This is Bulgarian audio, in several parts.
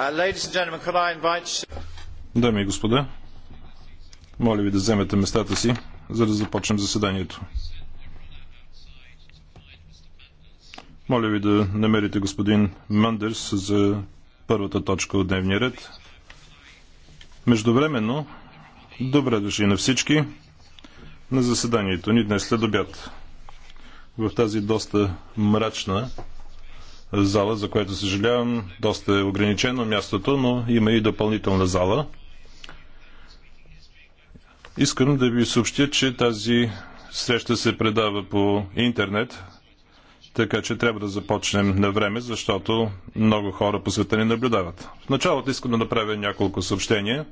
Uh, Дами и господа, моля ви да вземете местата си, за да започнем заседанието. Моля ви да намерите господин Мандерс за първата точка от дневния ред. Междувременно, добре дошли на всички на заседанието ни днес след обяд. В тази доста мрачна зала, за което съжалявам. Доста е ограничено мястото, но има и допълнителна зала. Искам да ви съобщя, че тази среща се предава по интернет, така че трябва да започнем на време, защото много хора по света ни наблюдават. В началото искам да направя няколко съобщения.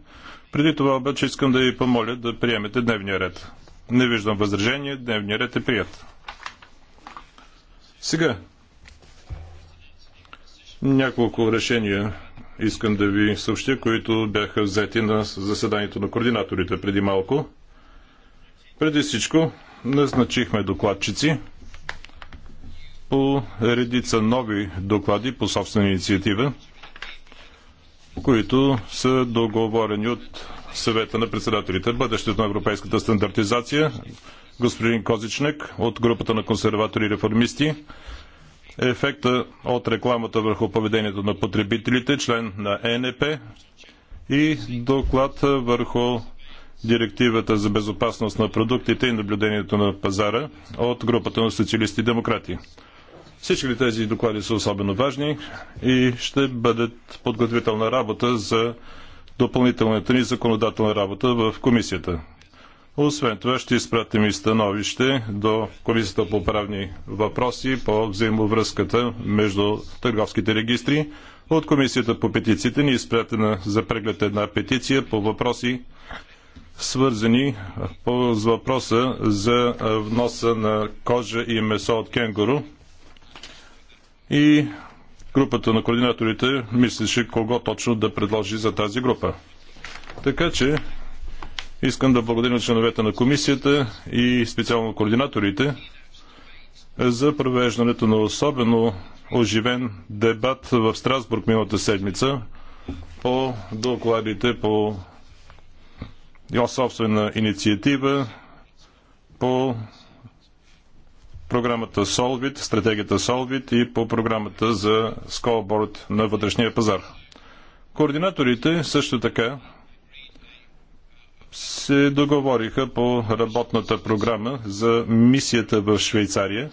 Преди това обаче искам да ви помоля да приемете дневния ред. Не виждам възражение, дневния ред е прият. Сега няколко решения искам да ви съобщя, които бяха взети на заседанието на координаторите преди малко. Преди всичко назначихме докладчици по редица нови доклади по собствена инициатива, които са договорени от съвета на председателите. Бъдещето на европейската стандартизация, господин Козичнек от групата на консерватори и реформисти, ефекта от рекламата върху поведението на потребителите, член на ЕНП и доклад върху директивата за безопасност на продуктите и наблюдението на пазара от групата на социалисти и демократи. Всички тези доклади са особено важни и ще бъдат подготвителна работа за допълнителната ни законодателна работа в комисията. Освен това ще изпратим и становище до Комисията по правни въпроси по взаимовръзката между търговските регистри. От Комисията по петициите ни е изпратена за преглед една петиция по въпроси свързани по с въпроса за вноса на кожа и месо от кенгуру. И групата на координаторите мислеше кого точно да предложи за тази група. Така че Искам да благодаря на членовете на комисията и специално координаторите за провеждането на особено оживен дебат в Страсбург миналата седмица по докладите по собствена инициатива по програмата Solvit, стратегията Solvit и по програмата за сколборд на вътрешния пазар. Координаторите също така се договориха по работната програма за мисията в Швейцария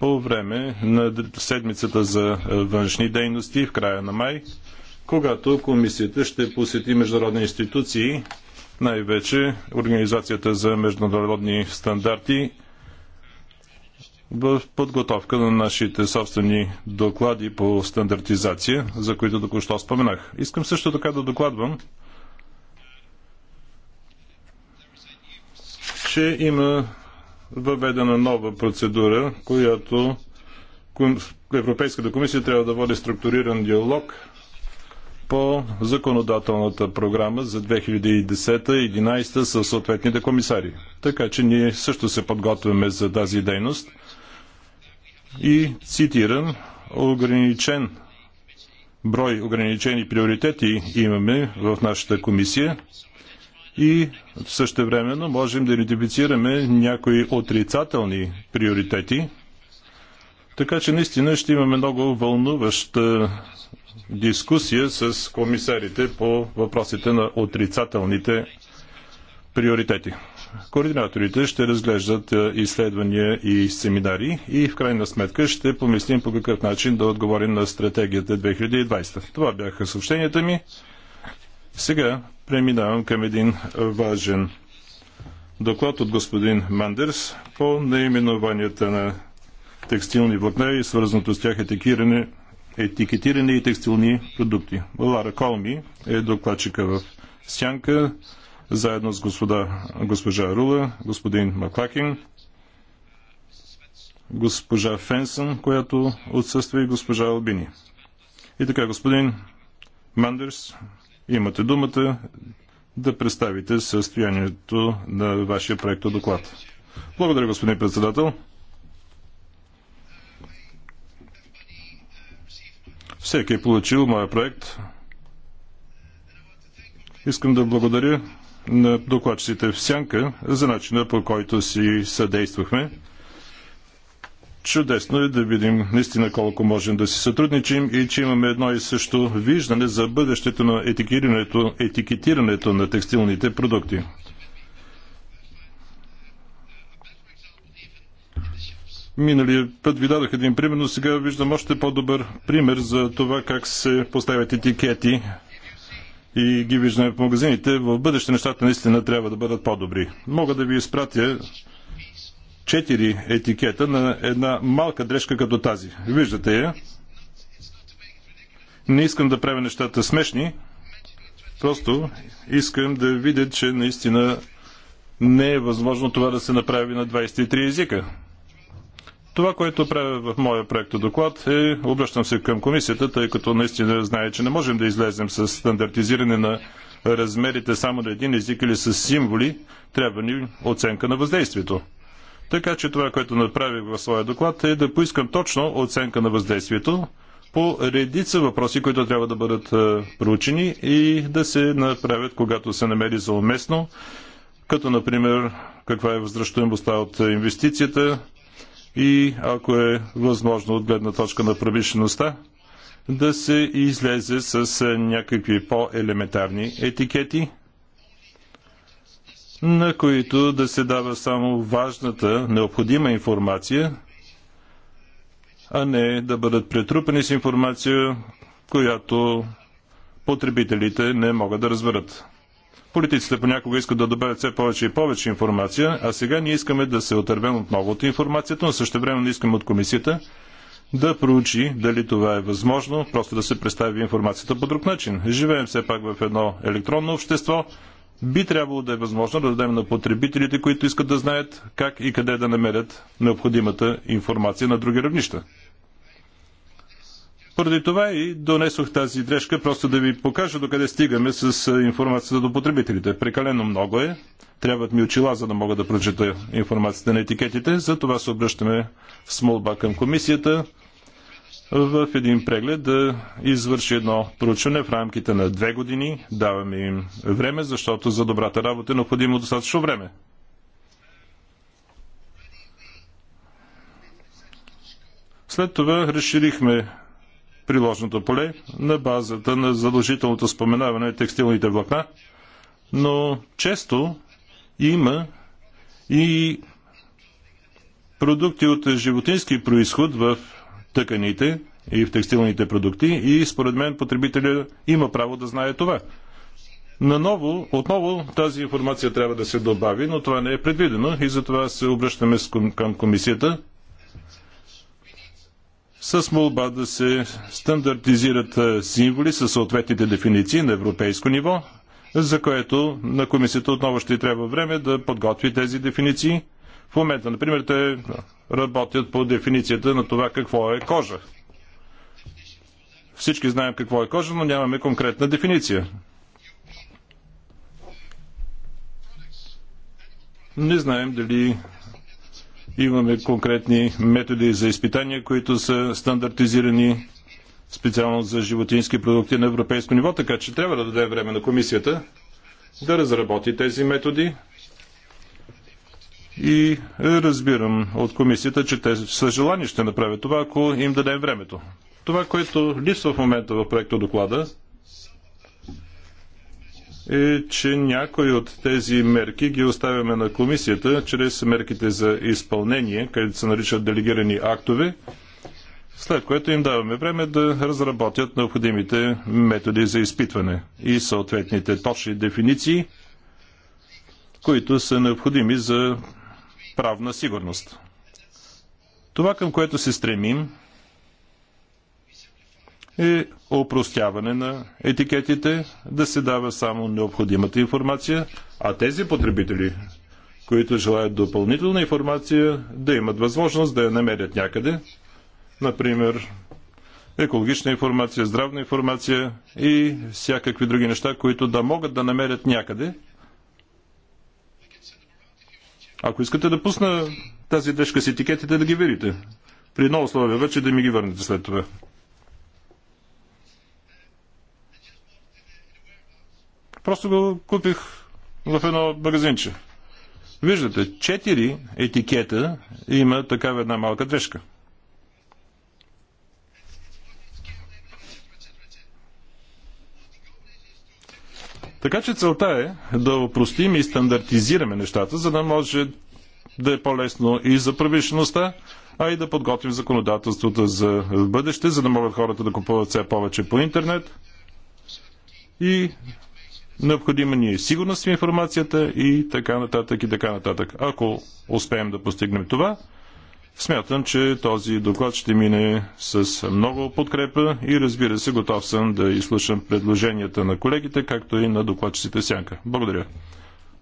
по време на седмицата за е, външни дейности в края на май, когато комисията ще посети международни институции, най-вече Организацията за международни стандарти в подготовка на нашите собствени доклади по стандартизация, за които току-що споменах. Искам също така да докладвам, че има въведена нова процедура, която Европейската комисия трябва да води структуриран диалог по законодателната програма за 2010-2011 с съответните комисари. Така че ние също се подготвяме за тази дейност и цитирам ограничен брой ограничени приоритети имаме в нашата комисия и времено можем да идентифицираме някои отрицателни приоритети, така че наистина ще имаме много вълнуваща дискусия с комисарите по въпросите на отрицателните приоритети. Координаторите ще разглеждат е, изследвания и семинари и в крайна сметка ще помислим по какъв начин да отговорим на стратегията 2020. Това бяха съобщенията ми. Сега Преминавам към един важен доклад от господин Мандерс по наименованията на текстилни влакна и свързаното с тях етикиране, етикетиране и текстилни продукти. Лара Колми е докладчика в Сянка, заедно с господа, госпожа Рула, господин Маклакин, госпожа Фенсън, която отсъства и госпожа Албини. И така, господин Мандерс, Имате думата да представите състоянието на вашия проекто доклад. Благодаря, господин председател. Всеки е получил моя проект. Искам да благодаря на докладчиците в Сянка за начина по който си съдействахме. Чудесно е да видим наистина колко можем да си сътрудничим и че имаме едно и също виждане за бъдещето на етикетирането, етикетирането на текстилните продукти. Миналия път ви дадох един пример, но сега виждам още по-добър пример за това как се поставят етикети и ги виждаме в магазините. В бъдеще нещата наистина трябва да бъдат по-добри. Мога да ви изпратя четири етикета на една малка дрежка като тази. Виждате я. Не искам да правя нещата смешни, просто искам да видя, че наистина не е възможно това да се направи на 23 езика. Това, което правя в моя проекто доклад е, обръщам се към комисията, тъй като наистина знае, че не можем да излезем с стандартизиране на размерите само на един език или с символи, трябва ни оценка на въздействието. Така че това, което направих в своя доклад е да поискам точно оценка на въздействието по редица въпроси, които трябва да бъдат е, проучени и да се направят, когато се намери за уместно, като например каква е възвръщаемостта от инвестицията и ако е възможно от гледна точка на промишлеността, да се излезе с е, някакви по-елементарни етикети – на които да се дава само важната, необходима информация, а не да бъдат претрупани с информация, която потребителите не могат да разберат. Политиците понякога искат да добавят все повече и повече информация, а сега ние искаме да се отървем отново от информацията, но също време не искаме от комисията да проучи дали това е възможно, просто да се представи информацията по друг начин. Живеем все пак в едно електронно общество, би трябвало да е възможно да дадем на потребителите, които искат да знаят как и къде да намерят необходимата информация на други равнища. Поради това и донесох тази дрежка, просто да ви покажа докъде стигаме с информацията до потребителите. Прекалено много е. Трябват ми очила, за да мога да прочета информацията на етикетите. За това се обръщаме с молба към комисията в един преглед да извърши едно проучване в рамките на две години. Даваме им време, защото за добрата работа е необходимо достатъчно време. След това разширихме приложното поле на базата на задължителното споменаване на текстилните влакна, но често има и продукти от животински происход в тъканите и в текстилните продукти и според мен потребителя има право да знае това. Наново, отново тази информация трябва да се добави, но това не е предвидено и затова се обръщаме към комисията с молба да се стандартизират символи със съответните дефиниции на европейско ниво, за което на комисията отново ще трябва време да подготви тези дефиниции в момента, например, те работят по дефиницията на това какво е кожа. Всички знаем какво е кожа, но нямаме конкретна дефиниция. Не знаем дали имаме конкретни методи за изпитания, които са стандартизирани специално за животински продукти на европейско ниво, така че трябва да дадем време на комисията да разработи тези методи, и е, разбирам от комисията, че те са желани ще направят това, ако им дадем времето. Това, което липсва в момента в проекта доклада, е, че някои от тези мерки ги оставяме на комисията, чрез мерките за изпълнение, където се наричат делегирани актове, след което им даваме време да разработят необходимите методи за изпитване и съответните точни дефиниции, които са необходими за правна сигурност. Това, към което се стремим, е опростяване на етикетите, да се дава само необходимата информация, а тези потребители, които желаят допълнителна информация, да имат възможност да я намерят някъде. Например, екологична информация, здравна информация и всякакви други неща, които да могат да намерят някъде – ако искате да пусна тази дъжка с етикетите, да ги видите. При едно условие вече да ми ги върнете след това. Просто го купих в едно магазинче. Виждате, четири етикета има такава една малка дрежка. Така че целта е да опростим и стандартизираме нещата, за да може да е по-лесно и за правишността, а и да подготвим законодателството за бъдеще, за да могат хората да купуват все повече по интернет. И необходима ни е сигурност в информацията и така нататък и така нататък. Ако успеем да постигнем това, Смятам, че този доклад ще мине с много подкрепа и разбира се, готов съм да изслушам предложенията на колегите, както и на докладчиците Сянка. Благодаря.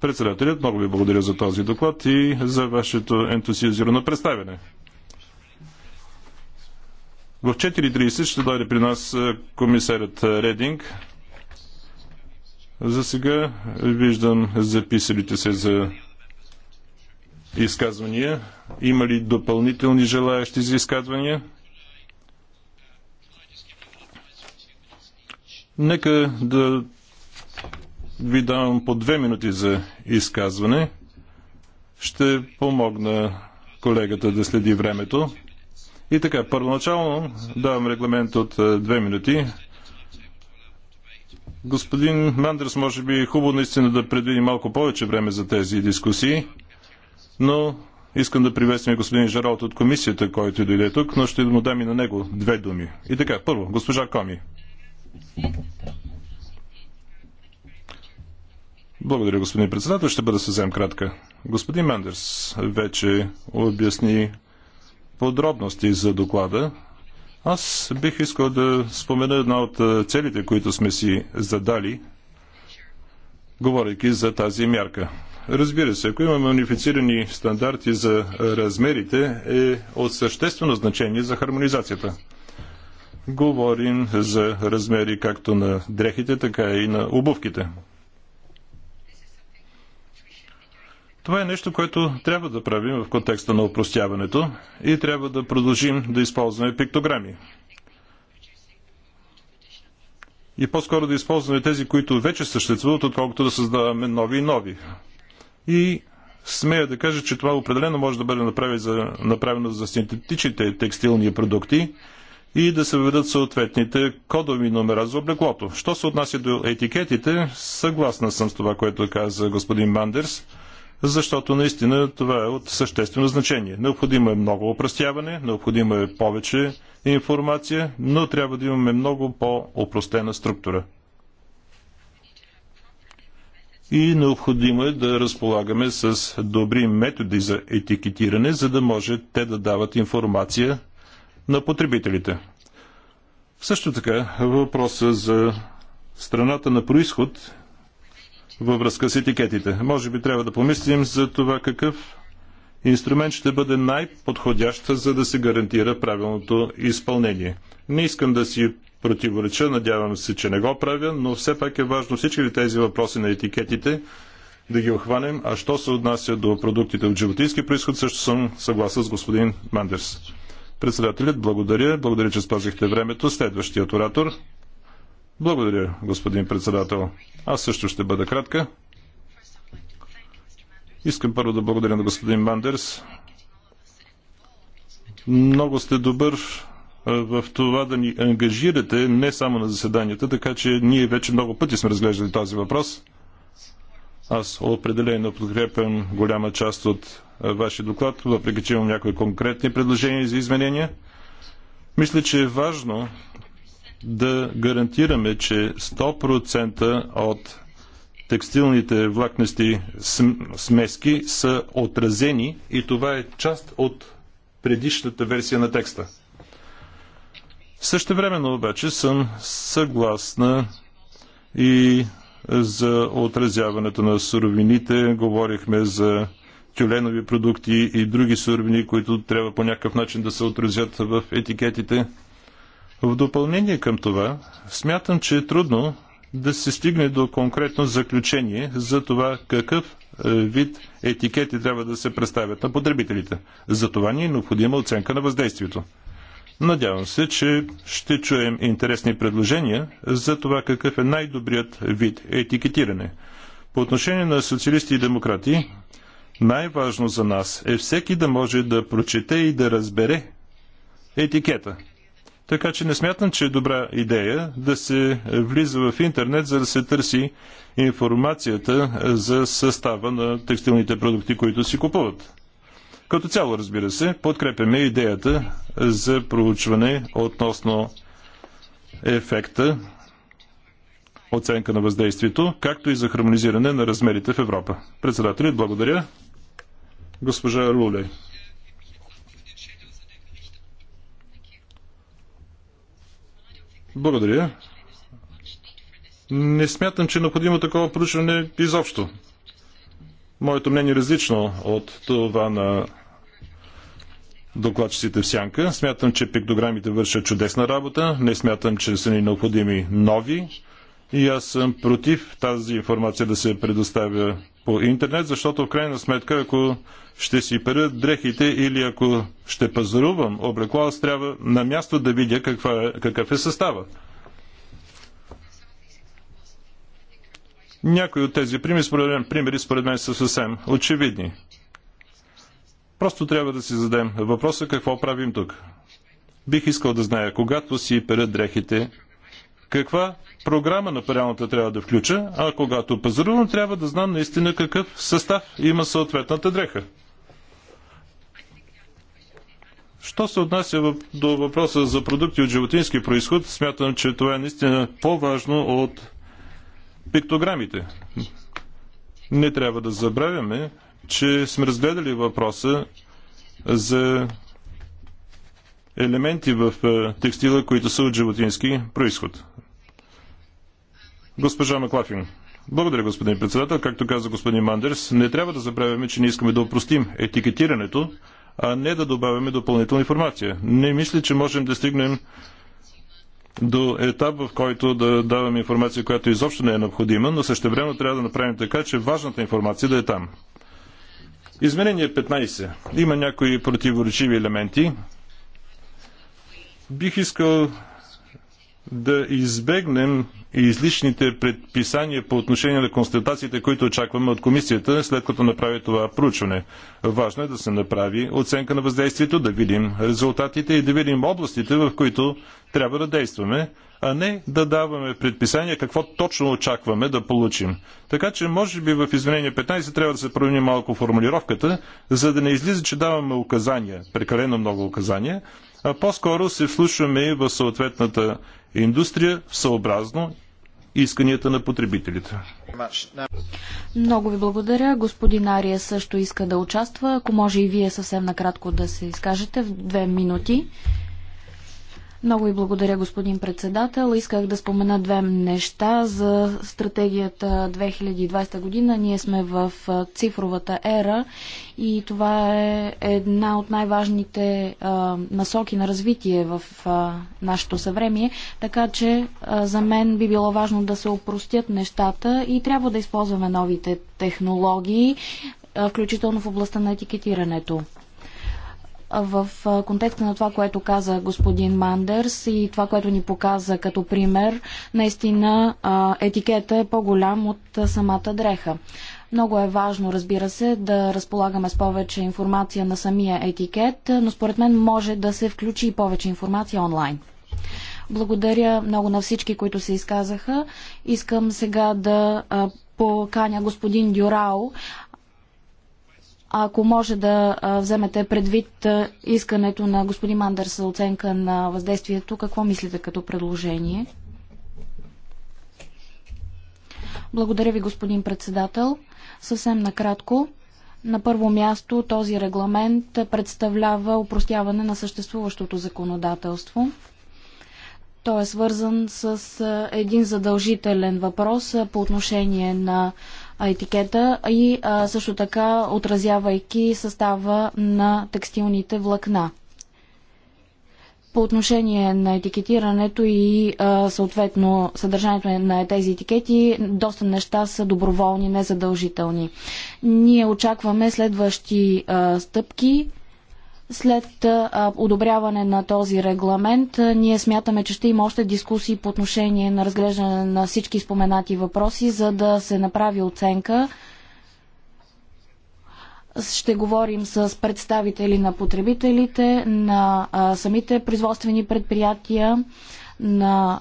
Председателят, много ви благодаря за този доклад и за вашето ентусиазирано представяне. В 4.30 ще дойде при нас комисарят Рединг. За сега виждам записалите се за изказвания. Има ли допълнителни желаящи за изказвания? Нека да ви давам по две минути за изказване. Ще помогна колегата да следи времето. И така, първоначално давам регламент от е, две минути. Господин Мандърс, може би е хубаво наистина да предвиди малко повече време за тези дискусии но искам да приветствам господин Жералт от комисията, който дойде тук, но ще му дам и на него две думи. И така, първо, госпожа Коми. Благодаря, господин председател. Ще бъда съвсем кратка. Господин Мендерс вече обясни подробности за доклада. Аз бих искал да спомена една от целите, които сме си задали, говорейки за тази мярка. Разбира се, ако имаме унифицирани стандарти за размерите, е от съществено значение за хармонизацията. Говорим за размери както на дрехите, така и на обувките. Това е нещо, което трябва да правим в контекста на упростяването и трябва да продължим да използваме пиктограми. И по-скоро да използваме тези, които вече съществуват, отколкото да създаваме нови и нови. И смея да кажа, че това определено може да бъде направено за, синтетичните текстилни продукти и да се въведат съответните кодови номера за облеклото. Що се отнася до етикетите, съгласна съм с това, което каза господин Мандерс, защото наистина това е от съществено значение. Необходимо е много опростяване, необходимо е повече информация, но трябва да имаме много по-опростена структура и необходимо е да разполагаме с добри методи за етикетиране, за да може те да дават информация на потребителите. Също така въпроса за страната на происход във връзка с етикетите. Може би трябва да помислим за това какъв инструмент ще бъде най-подходящ, за да се гарантира правилното изпълнение. Не искам да си противореча. Надявам се, че не го правя, но все пак е важно всички тези въпроси на етикетите да ги охванем. А що се отнася до продуктите от животински происход, също съм съгласен с господин Мандерс. Председателят, благодаря. Благодаря, че спазихте времето. Следващият оратор. Благодаря, господин председател. Аз също ще бъда кратка. Искам първо да благодаря на господин Мандерс. Много сте добър в това да ни ангажирате не само на заседанията, така че ние вече много пъти сме разглеждали този въпрос. Аз определено подкрепям голяма част от вашия доклад, въпреки че имам някои конкретни предложения за изменения. Мисля, че е важно да гарантираме, че 100% от текстилните влакнести смески са отразени и това е част от предишната версия на текста. Също времено обаче съм съгласна и за отразяването на суровините. Говорихме за тюленови продукти и други суровини, които трябва по някакъв начин да се отразят в етикетите. В допълнение към това, смятам, че е трудно да се стигне до конкретно заключение за това какъв е, вид етикети трябва да се представят на потребителите. За това ни е необходима оценка на въздействието. Надявам се, че ще чуем интересни предложения за това какъв е най-добрият вид етикетиране. По отношение на социалисти и демократи, най-важно за нас е всеки да може да прочете и да разбере етикета. Така че не смятам, че е добра идея да се влиза в интернет, за да се търси информацията за състава на текстилните продукти, които си купуват. Като цяло, разбира се, подкрепяме идеята за проучване относно ефекта, оценка на въздействието, както и за хармонизиране на размерите в Европа. Председателят, благодаря. Госпожа Рулей. Благодаря. Не смятам, че е необходимо такова проучване изобщо. Моето мнение е различно от това на докладчиците в сянка. Смятам, че пиктограмите вършат чудесна работа. Не смятам, че са ни необходими нови. И аз съм против тази информация да се предоставя по интернет, защото в крайна сметка, ако ще си перя дрехите или ако ще пазарувам облекло, аз трябва на място да видя каква е, какъв е състава. Някои от тези примери според, мен, примери, според мен са съвсем очевидни. Просто трябва да си зададем въпроса какво правим тук. Бих искал да зная, когато си перат дрехите, каква програма на пералната трябва да включа, а когато пазарувам, трябва да знам наистина какъв състав има съответната дреха. Що се отнася до въпроса за продукти от животински происход, смятам, че това е наистина по-важно от пиктограмите. Не трябва да забравяме, че сме разгледали въпроса за елементи в е, текстила, които са от животински происход. Госпожа Маклафин. Благодаря, господин председател. Както каза господин Мандерс, не трябва да забравяме, че не искаме да опростим етикетирането, а не да добавяме допълнителна информация. Не мисля, че можем да стигнем до етап, в който да даваме информация, която изобщо не е необходима, но също време трябва да направим така, че важната информация да е там. Изменение 15. Има някои противоречиви елементи. Бих искал да избегнем и излишните предписания по отношение на констатациите, които очакваме от комисията, след като направи това проучване. Важно е да се направи оценка на въздействието, да видим резултатите и да видим областите, в които трябва да действаме, а не да даваме предписания какво точно очакваме да получим. Така че, може би в изменение 15 трябва да се промени малко формулировката, за да не излиза, че даваме указания, прекалено много указания, а по-скоро се вслушваме и в съответната индустрия съобразно исканията на потребителите. Много ви благодаря. Господин Ария също иска да участва. Ако може и вие съвсем накратко да се изкажете в две минути. Много ви благодаря, господин председател. Исках да спомена две неща за стратегията 2020 година. Ние сме в цифровата ера и това е една от най-важните насоки на развитие в а, нашето съвремие. Така че а, за мен би било важно да се опростят нещата и трябва да използваме новите технологии, а, включително в областта на етикетирането в контекста на това, което каза господин Мандерс и това, което ни показа като пример, наистина етикета е по-голям от самата дреха. Много е важно, разбира се, да разполагаме с повече информация на самия етикет, но според мен може да се включи и повече информация онлайн. Благодаря много на всички, които се изказаха. Искам сега да поканя господин Дюрао ако може да вземете предвид искането на господин Мандър за оценка на въздействието, какво мислите като предложение? Благодаря ви, господин председател. Съвсем накратко. На първо място този регламент представлява упростяване на съществуващото законодателство. Той е свързан с един задължителен въпрос по отношение на етикета и а, също така отразявайки състава на текстилните влакна. По отношение на етикетирането и а, съответно съдържанието на тези етикети, доста неща са доброволни, незадължителни. Ние очакваме следващи а, стъпки след одобряване на този регламент, ние смятаме, че ще има още дискусии по отношение на разглеждане на всички споменати въпроси, за да се направи оценка. Ще говорим с представители на потребителите, на самите производствени предприятия на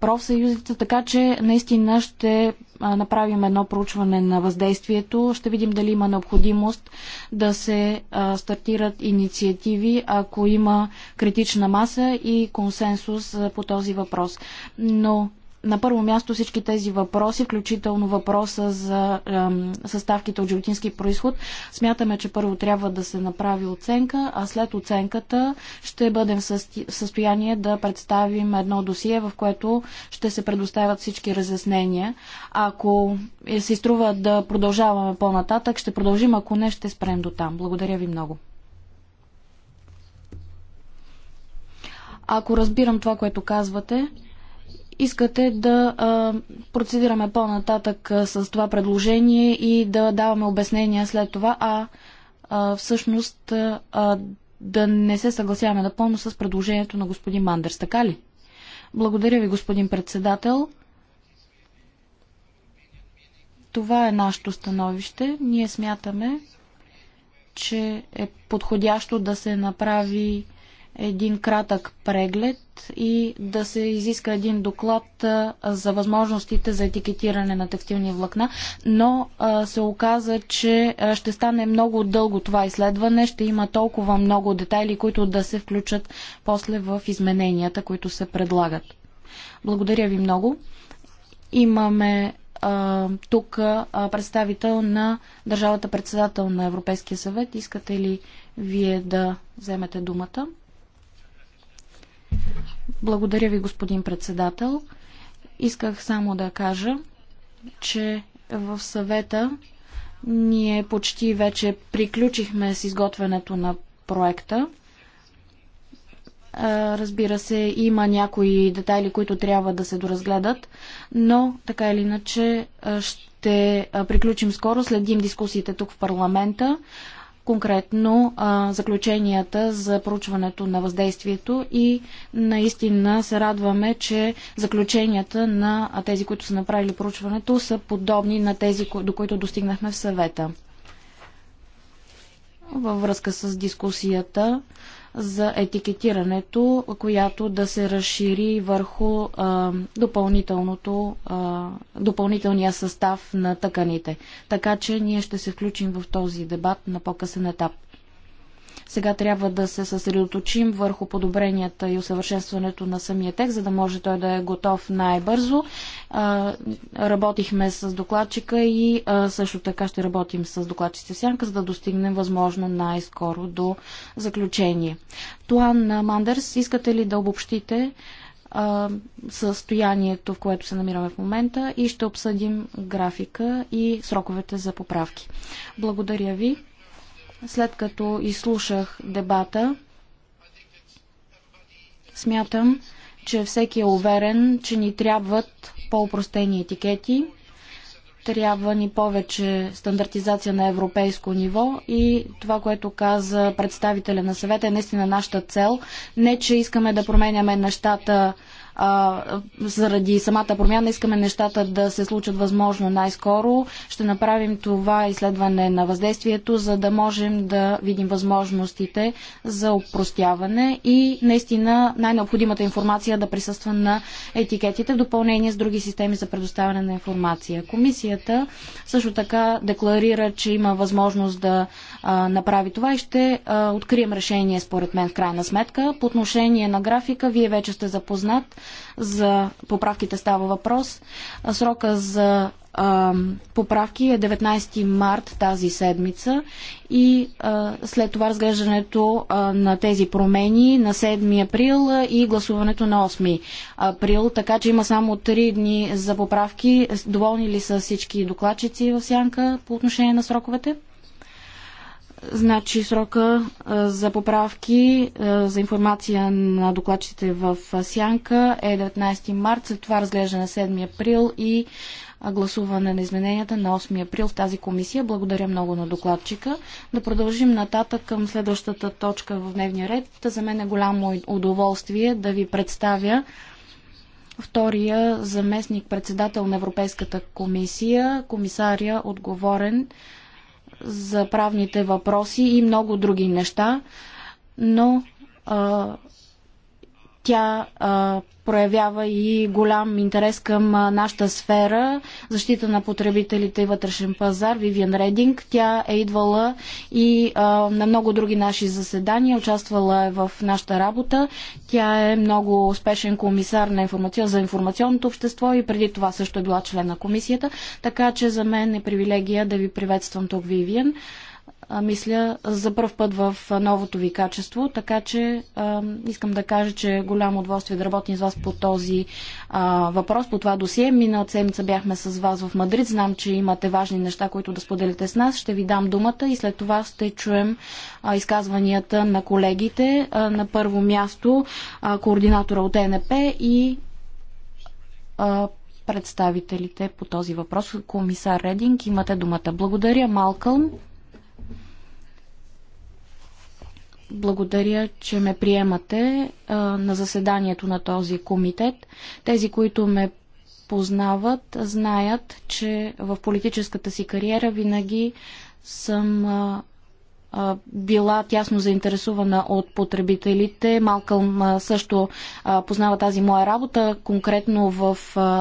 профсъюзите, така че наистина ще направим едно проучване на въздействието. Ще видим дали има необходимост да се стартират инициативи, ако има критична маса и консенсус по този въпрос. Но на първо място всички тези въпроси, включително въпроса за е, съставките от животински происход, смятаме, че първо трябва да се направи оценка, а след оценката ще бъдем в състояние да представим едно досие, в което ще се предоставят всички разяснения. Ако се изтрува да продължаваме по-нататък, ще продължим, ако не, ще спрем до там. Благодаря ви много. Ако разбирам това, което казвате, искате да а, процедираме по-нататък с това предложение и да даваме обяснения след това, а, а всъщност а, да не се съгласяваме напълно с предложението на господин Мандерс, така ли? Благодаря ви, господин председател. Това е нашето становище. Ние смятаме, че е подходящо да се направи един кратък преглед и да се изиска един доклад за възможностите за етикетиране на текстилни влакна, но се оказа, че ще стане много дълго това изследване, ще има толкова много детайли, които да се включат после в измененията, които се предлагат. Благодаря ви много. Имаме а, тук а, представител на държавата председател на Европейския съвет. Искате ли вие да вземете думата? Благодаря ви, господин председател. Исках само да кажа, че в съвета ние почти вече приключихме с изготвянето на проекта. Разбира се, има някои детайли, които трябва да се доразгледат, но така или иначе ще приключим скоро, следим дискусиите тук в парламента конкретно а, заключенията за проучването на въздействието и наистина се радваме, че заключенията на тези, които са направили проучването, са подобни на тези, до които достигнахме в съвета. Във връзка с дискусията за етикетирането, която да се разшири върху а, допълнителното, а, допълнителния състав на тъканите. Така че ние ще се включим в този дебат на по-късен етап. Сега трябва да се съсредоточим върху подобренията и усъвършенстването на самия текст, за да може той да е готов най-бързо. Работихме с докладчика и също така ще работим с докладчите Сянка, за да достигнем възможно най-скоро до заключение. Туан Мандърс, искате ли да обобщите? състоянието, в което се намираме в момента и ще обсъдим графика и сроковете за поправки. Благодаря ви. След като изслушах дебата, смятам, че всеки е уверен, че ни трябват по-упростени етикети, трябва ни повече стандартизация на европейско ниво и това, което каза представителя на съвета е наистина нашата цел. Не, че искаме да променяме нещата а, заради самата промяна искаме нещата да се случат възможно най-скоро. Ще направим това изследване на въздействието, за да можем да видим възможностите за упростяване и наистина най-необходимата информация да присъства на етикетите в допълнение с други системи за предоставяне на информация. Комисията също така декларира, че има възможност да а, направи това и ще а, открием решение според мен в крайна сметка. По отношение на графика, вие вече сте запознат за поправките става въпрос. Срока за поправки е 19 март тази седмица и а, след това разглеждането а, на тези промени на 7 април и гласуването на 8 април, така че има само 3 дни за поправки. Доволни ли са всички докладчици в сянка по отношение на сроковете? Значи срока за поправки за информация на докладчите в Сянка е 19 март, след това разглеждане 7 април и гласуване на измененията на 8 април в тази комисия. Благодаря много на докладчика. Да продължим нататък към следващата точка в дневния ред. За мен е голямо удоволствие да ви представя втория заместник председател на Европейската комисия, комисаря отговорен за правните въпроси и много други неща, но а, тя а, проявява и голям интерес към а, нашата сфера, защита на потребителите и вътрешен пазар, Вивиан Рединг. Тя е идвала и а, на много други наши заседания, участвала е в нашата работа. Тя е много успешен комисар на информация, за информационното общество и преди това също е била член на комисията. Така че за мен е привилегия да ви приветствам тук, Вивиан мисля, за първ път в новото ви качество, така че искам да кажа, че голямо удоволствие да работим с вас по този въпрос, по това досие. Миналата седмица бяхме с вас в Мадрид. Знам, че имате важни неща, които да споделите с нас. Ще ви дам думата и след това ще чуем изказванията на колегите. на първо място координатора от ЕНП и представителите по този въпрос. Комисар Рединг, имате думата. Благодаря, Малкълм. Благодаря, че ме приемате а, на заседанието на този комитет. Тези, които ме познават, знаят, че в политическата си кариера винаги съм а, била тясно заинтересувана от потребителите. Малкълм също познава тази моя работа, конкретно в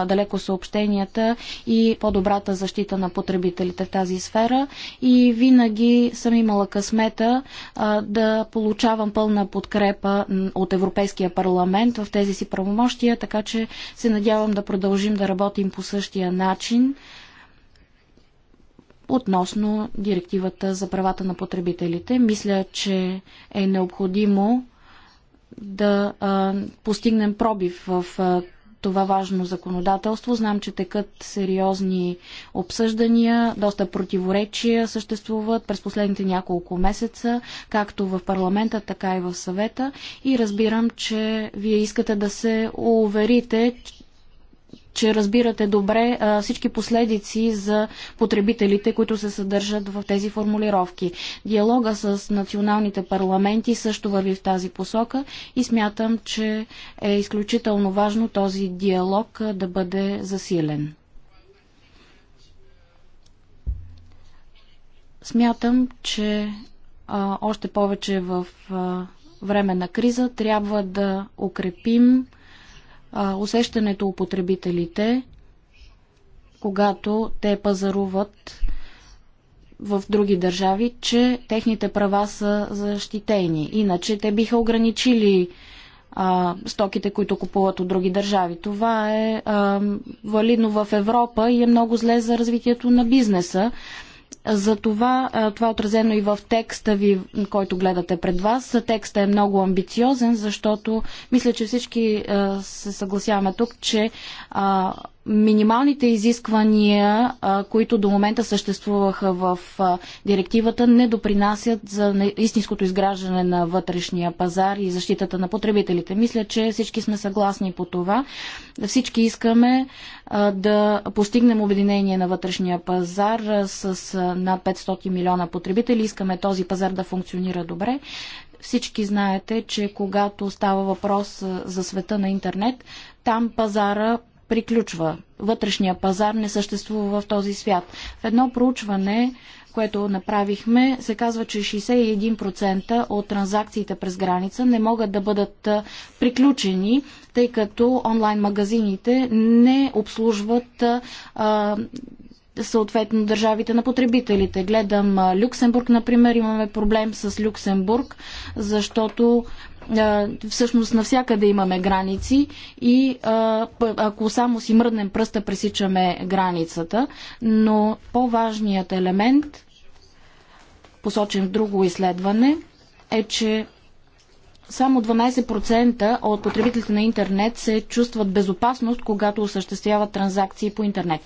далеко съобщенията и по-добрата защита на потребителите в тази сфера. И винаги съм имала късмета да получавам пълна подкрепа от Европейския парламент в тези си правомощия, така че се надявам да продължим да работим по същия начин относно директивата за правата на потребителите. Мисля, че е необходимо да а, постигнем пробив в а, това важно законодателство. Знам, че текат сериозни обсъждания, доста противоречия съществуват през последните няколко месеца, както в парламента, така и в съвета. И разбирам, че вие искате да се уверите, че разбирате добре а, всички последици за потребителите, които се съдържат в тези формулировки. Диалога с националните парламенти също върви в тази посока и смятам, че е изключително важно този диалог да бъде засилен. Смятам, че а, още повече в а, време на криза трябва да укрепим а, усещането у потребителите, когато те пазаруват в други държави, че техните права са защитени. Иначе те биха ограничили а, стоките, които купуват от други държави. Това е а, валидно в Европа и е много зле за развитието на бизнеса това, това е отразено и в текста ви, който гледате пред вас. Текстът е много амбициозен, защото мисля, че всички се съгласяваме тук, че минималните изисквания, които до момента съществуваха в директивата, не допринасят за истинското изграждане на вътрешния пазар и защитата на потребителите. Мисля, че всички сме съгласни по това. Всички искаме да постигнем обединение на вътрешния пазар с над 500 милиона потребители. Искаме този пазар да функционира добре. Всички знаете, че когато става въпрос за света на интернет, там пазара приключва. Вътрешния пазар не съществува в този свят. В едно проучване, което направихме, се казва, че 61% от транзакциите през граница не могат да бъдат приключени, тъй като онлайн магазините не обслужват а, съответно държавите на потребителите. Гледам Люксембург, например, имаме проблем с Люксембург, защото всъщност навсякъде имаме граници и ако само си мръднем пръста, пресичаме границата. Но по-важният елемент, посочен в друго изследване, е, че само 12% от потребителите на интернет се чувстват безопасност, когато осъществяват транзакции по интернет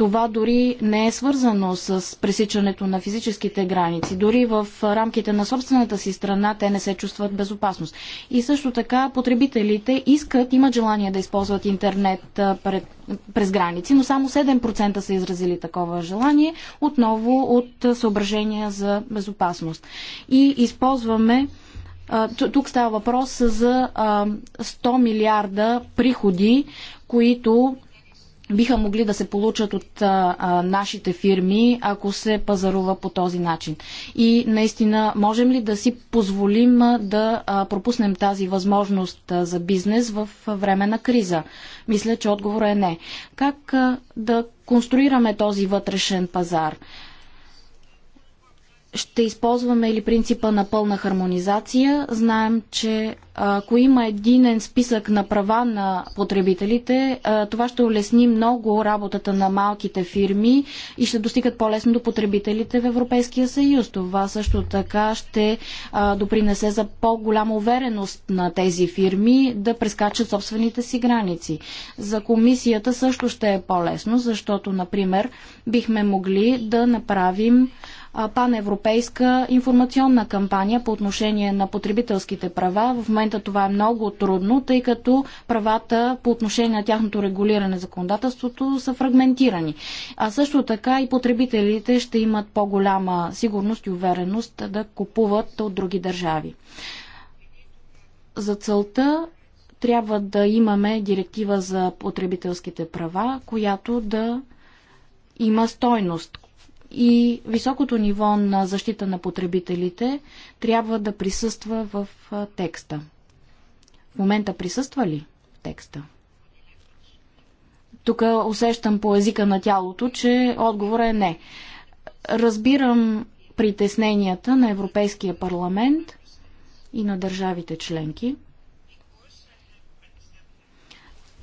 това дори не е свързано с пресичането на физическите граници. Дори в рамките на собствената си страна те не се чувстват безопасност. И също така потребителите искат, имат желание да използват интернет пред, през граници, но само 7% са изразили такова желание, отново от съображения за безопасност. И използваме тук става въпрос за 100 милиарда приходи, които биха могли да се получат от а, а, нашите фирми, ако се пазарува по този начин. И наистина, можем ли да си позволим а, да а, пропуснем тази възможност а, за бизнес в а, време на криза? Мисля, че отговор е не. Как а, да конструираме този вътрешен пазар? Ще използваме ли принципа на пълна хармонизация? Знаем, че ако има единен списък на права на потребителите, това ще улесни много работата на малките фирми и ще достигат по-лесно до потребителите в Европейския съюз. Това също така ще допринесе за по-голяма увереност на тези фирми да прескачат собствените си граници. За комисията също ще е по-лесно, защото, например, бихме могли да направим паневропейска информационна кампания по отношение на потребителските права. В момента момента това е много трудно, тъй като правата по отношение на тяхното регулиране законодателството са фрагментирани. А също така и потребителите ще имат по-голяма сигурност и увереност да купуват от други държави. За целта трябва да имаме директива за потребителските права, която да има стойност. И високото ниво на защита на потребителите трябва да присъства в текста в момента присъства ли в текста? Тук усещам по езика на тялото, че отговор е не. Разбирам притесненията на Европейския парламент и на държавите членки,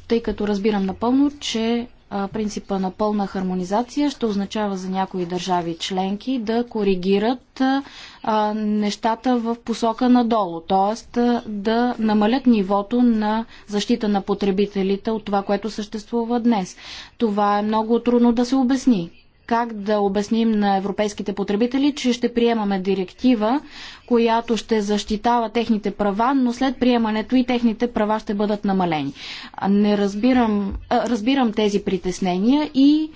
тъй като разбирам напълно, че принципа на пълна хармонизация ще означава за някои държави членки да коригират нещата в посока надолу, т.е. да намалят нивото на защита на потребителите от това, което съществува днес. Това е много трудно да се обясни как да обясним на европейските потребители, че ще приемаме директива, която ще защитава техните права, но след приемането и техните права ще бъдат намалени. Не разбирам, разбирам тези притеснения и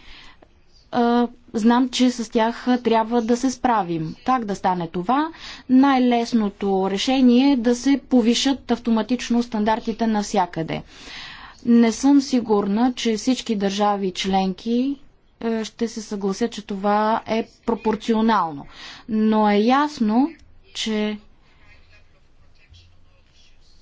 знам, че с тях трябва да се справим. Как да стане това? Най-лесното решение е да се повишат автоматично стандартите навсякъде. Не съм сигурна, че всички държави членки е, ще се съглася, че това е пропорционално. Но е ясно, че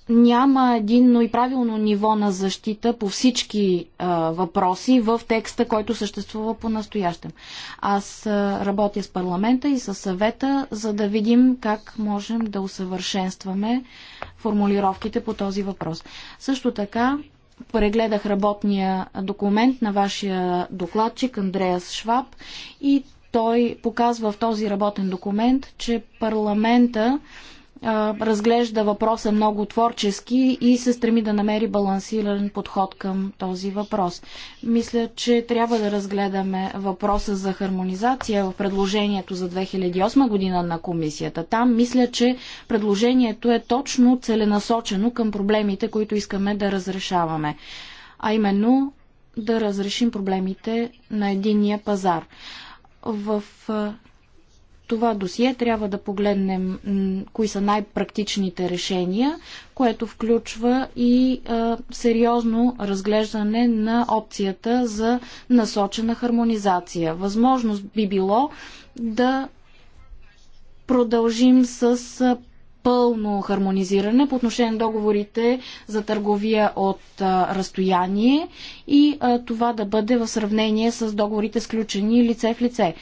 няма единно и правилно ниво на защита по всички а, е, въпроси в текста, който съществува по-настоящем. Аз а, е, работя с парламента и с съвета, за да видим как можем да усъвършенстваме формулировките по този въпрос. Също така прегледах работния документ на вашия докладчик Андреас Шваб и той показва в този работен документ, че парламента разглежда въпроса много творчески и се стреми да намери балансиран подход към този въпрос. Мисля, че трябва да разгледаме въпроса за хармонизация в предложението за 2008 година на комисията. Там мисля, че предложението е точно целенасочено към проблемите, които искаме да разрешаваме. А именно да разрешим проблемите на единния пазар. В това досие трябва да погледнем кои са най-практичните решения, което включва и а, сериозно разглеждане на опцията за насочена хармонизация. Възможност би било да продължим с пълно хармонизиране по отношение на договорите за търговия от а, разстояние и а, това да бъде в сравнение с договорите сключени лице в лице.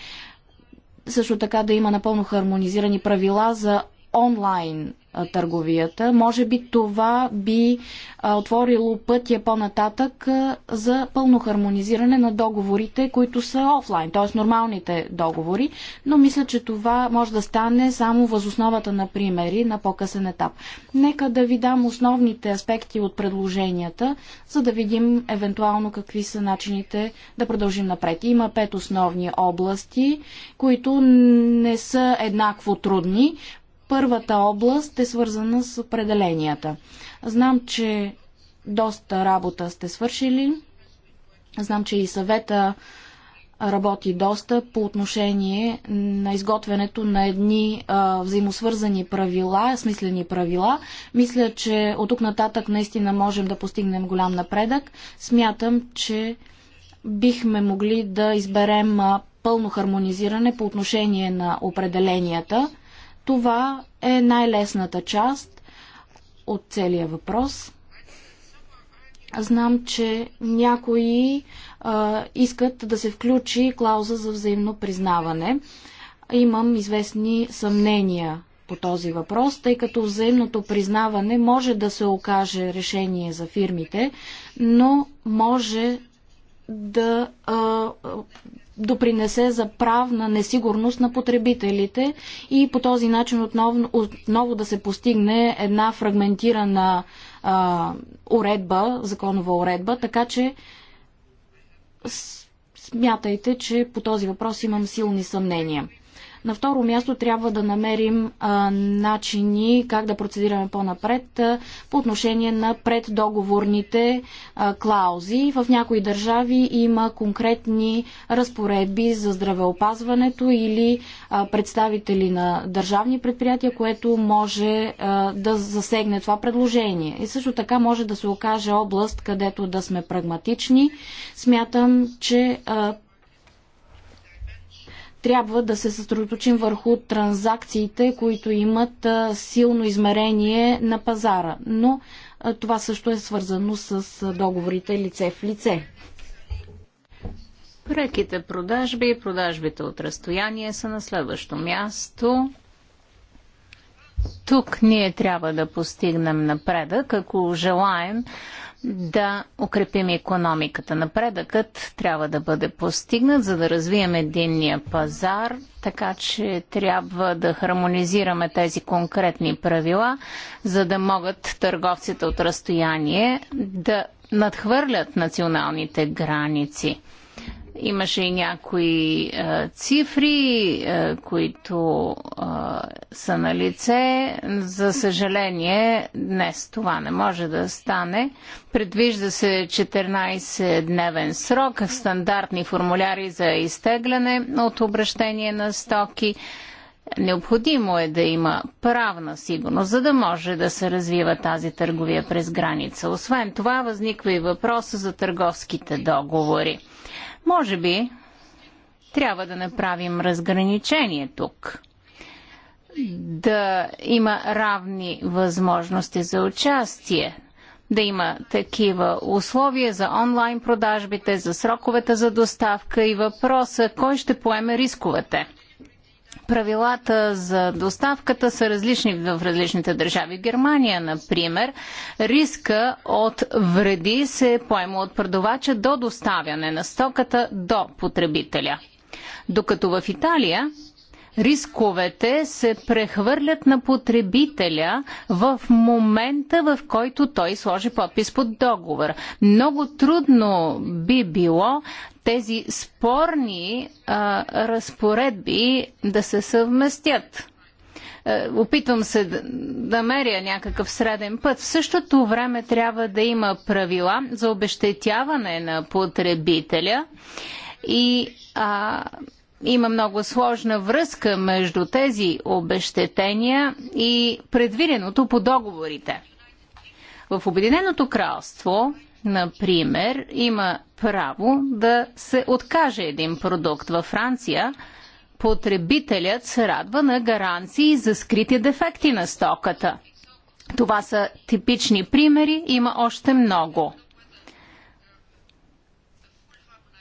Също така да има напълно хармонизирани правила за онлайн търговията. Може би това би отворило пътя по-нататък за пълно хармонизиране на договорите, които са офлайн, т.е. нормалните договори, но мисля, че това може да стане само възосновата на примери на по-късен етап. Нека да ви дам основните аспекти от предложенията, за да видим евентуално какви са начините да продължим напред. Има пет основни области, които не са еднакво трудни. Първата област е свързана с определенията. Знам, че доста работа сте свършили. Знам, че и съвета работи доста по отношение на изготвянето на едни а, взаимосвързани правила, смислени правила. Мисля, че от тук нататък наистина можем да постигнем голям напредък. Смятам, че бихме могли да изберем а, пълно хармонизиране по отношение на определенията. Това е най-лесната част от целия въпрос. Знам, че някои а, искат да се включи клауза за взаимно признаване. Имам известни съмнения по този въпрос, тъй като взаимното признаване може да се окаже решение за фирмите, но може да а, допринесе за правна несигурност на потребителите и по този начин отново, отново да се постигне една фрагментирана а, уредба, законова уредба, така че смятайте, че по този въпрос имам силни съмнения. На второ място трябва да намерим а, начини как да процедираме по-напред а, по отношение на преддоговорните а, клаузи. В някои държави има конкретни разпоредби за здравеопазването или а, представители на държавни предприятия, което може а, да засегне това предложение. И също така може да се окаже област, където да сме прагматични. Смятам, че а, трябва да се съсредоточим върху транзакциите, които имат силно измерение на пазара. Но това също е свързано с договорите лице в лице. Преките продажби и продажбите от разстояние са на следващо място. Тук ние трябва да постигнем напредък, ако желаем да укрепим економиката. Напредъкът трябва да бъде постигнат, за да развием единния пазар, така че трябва да хармонизираме тези конкретни правила, за да могат търговците от разстояние да надхвърлят националните граници. Имаше и някои е, цифри, е, които е, са на лице. За съжаление, днес това не може да стане. Предвижда се 14-дневен срок, стандартни формуляри за изтегляне от обращение на стоки. Необходимо е да има правна сигурност, за да може да се развива тази търговия през граница. Освен това, възниква и въпроса за търговските договори. Може би трябва да направим разграничение тук. Да има равни възможности за участие, да има такива условия за онлайн продажбите, за сроковете за доставка и въпроса кой ще поеме рисковете правилата за доставката са различни в различните държави. В Германия, например, риска от вреди се поема от продавача до доставяне на стоката до потребителя. Докато в Италия рисковете се прехвърлят на потребителя в момента, в който той сложи подпис под договор. Много трудно би било тези спорни а, разпоредби да се съвместят. Е, опитвам се да, да меря някакъв среден път. В същото време трябва да има правила за обещетяване на потребителя и а, има много сложна връзка между тези обещетения и предвиденото по договорите. В Обединеното кралство например, има право да се откаже един продукт. Във Франция потребителят се радва на гаранции за скрити дефекти на стоката. Това са типични примери, има още много.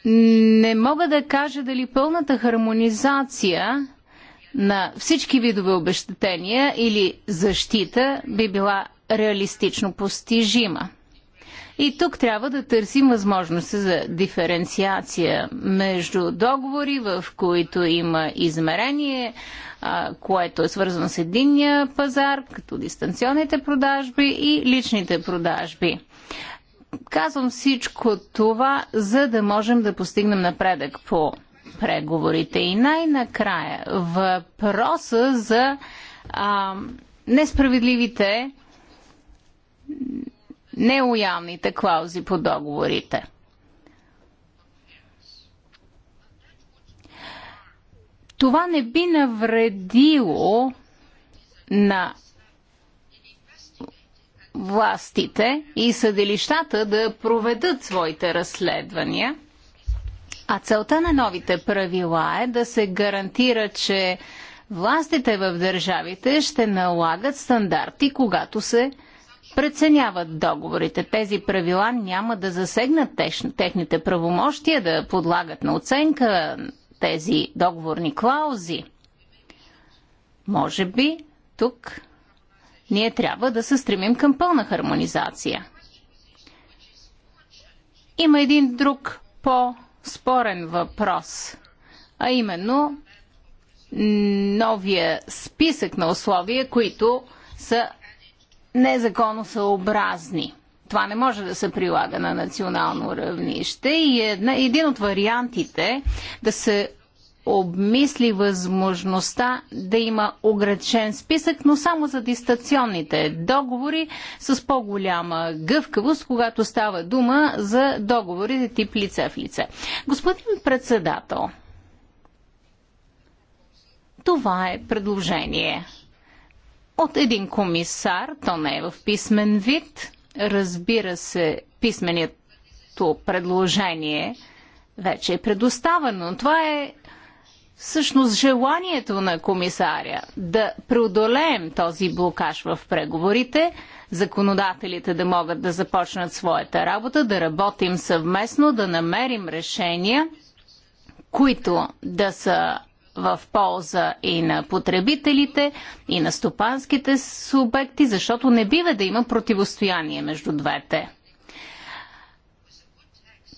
Не мога да кажа дали пълната хармонизация на всички видове обещетения или защита би била реалистично постижима. И тук трябва да търсим възможност за диференциация между договори, в които има измерение, което е свързано с единния пазар, като дистанционните продажби и личните продажби. Казвам всичко това, за да можем да постигнем напредък по преговорите. И най-накрая въпроса за а, несправедливите нелоялните клаузи по договорите. Това не би навредило на властите и съдилищата да проведат своите разследвания. А целта на новите правила е да се гарантира, че властите в държавите ще налагат стандарти, когато се преценяват договорите. Тези правила няма да засегнат техните правомощия да подлагат на оценка тези договорни клаузи. Може би тук ние трябва да се стремим към пълна хармонизация. Има един друг по-спорен въпрос, а именно новия списък на условия, които са незаконосъобразни. Това не може да се прилага на национално равнище и е една, един от вариантите да се обмисли възможността да има ограничен списък, но само за дистанционните договори с по-голяма гъвкавост, когато става дума за договорите тип лице в лице. Господин председател, това е предложение от един комисар, то не е в писмен вид. Разбира се, писменото предложение вече е предоставено. Това е всъщност желанието на комисаря да преодолеем този блокаж в преговорите, законодателите да могат да започнат своята работа, да работим съвместно, да намерим решения, които да са в полза и на потребителите, и на стопанските субекти, защото не бива да има противостояние между двете.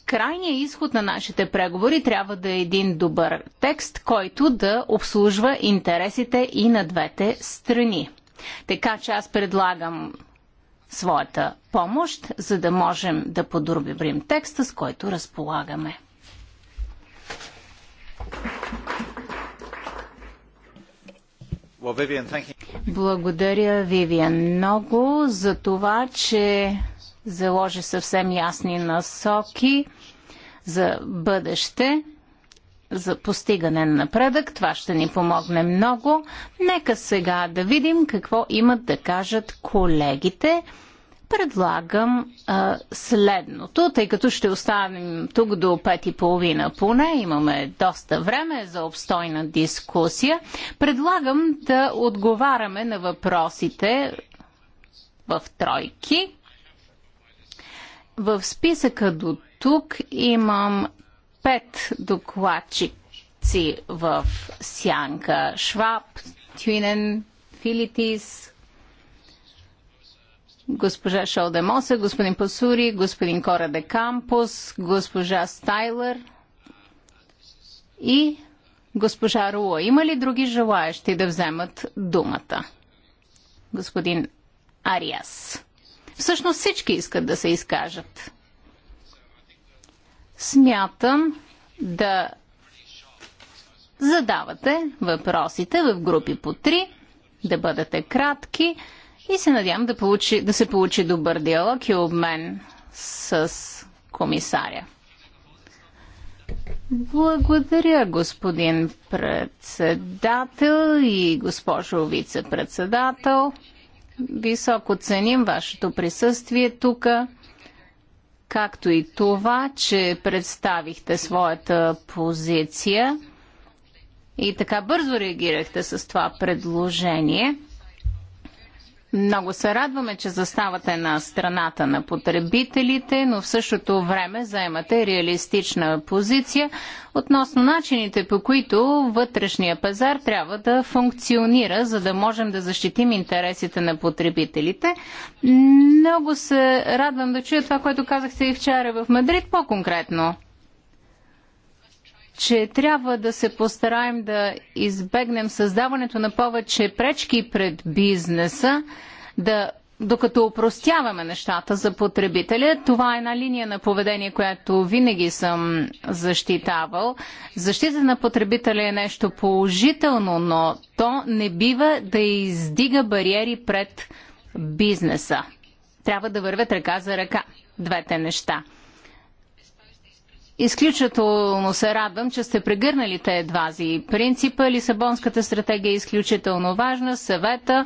Крайният изход на нашите преговори трябва да е един добър текст, който да обслужва интересите и на двете страни. Така че аз предлагам своята помощ, за да можем да подобрим текста, с който разполагаме. Благодаря, Вивиан, много за това, че заложи съвсем ясни насоки за бъдеще, за постигане на напредък. Това ще ни помогне много. Нека сега да видим какво имат да кажат колегите предлагам а, следното, тъй като ще оставим тук до пет и половина поне, имаме доста време за обстойна дискусия. Предлагам да отговаряме на въпросите в тройки. В списъка до тук имам пет докладчици в сянка. Шваб, Тюнен, Филитис, госпожа Моса, господин Пасури, господин Кора де Кампус, госпожа Стайлер и госпожа Руа. Има ли други желаящи да вземат думата? Господин Ариас. Всъщност всички искат да се изкажат. Смятам да задавате въпросите в групи по три, да бъдете кратки и се надявам да, получи, да се получи добър диалог и обмен с комисаря. Благодаря, господин председател и госпожо вице-председател. Високо ценим вашето присъствие тук, както и това, че представихте своята позиция и така бързо реагирахте с това предложение – много се радваме, че заставате на страната на потребителите, но в същото време заемате реалистична позиция относно начините по които вътрешния пазар трябва да функционира, за да можем да защитим интересите на потребителите. Много се радвам да чуя това, което казахте и вчера в Мадрид по-конкретно че трябва да се постараем да избегнем създаването на повече пречки пред бизнеса, да докато упростяваме нещата за потребителя, това е една линия на поведение, която винаги съм защитавал. Защита на потребителя е нещо положително, но то не бива да издига бариери пред бизнеса. Трябва да вървят ръка за ръка двете неща. Изключително се радвам, че сте прегърнали те двази принципа. Лисабонската стратегия е изключително важна. Съвета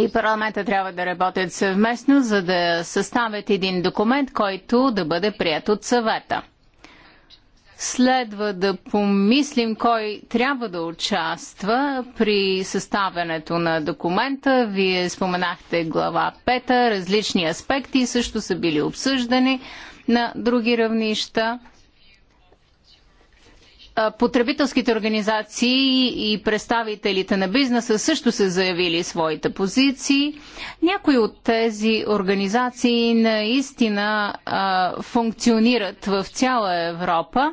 и парламента трябва да работят съвместно, за да съставят един документ, който да бъде прият от съвета. Следва да помислим кой трябва да участва при съставянето на документа. Вие споменахте глава 5, различни аспекти също са били обсъждани на други равнища. Потребителските организации и представителите на бизнеса също са заявили своите позиции. Някои от тези организации наистина функционират в цяла Европа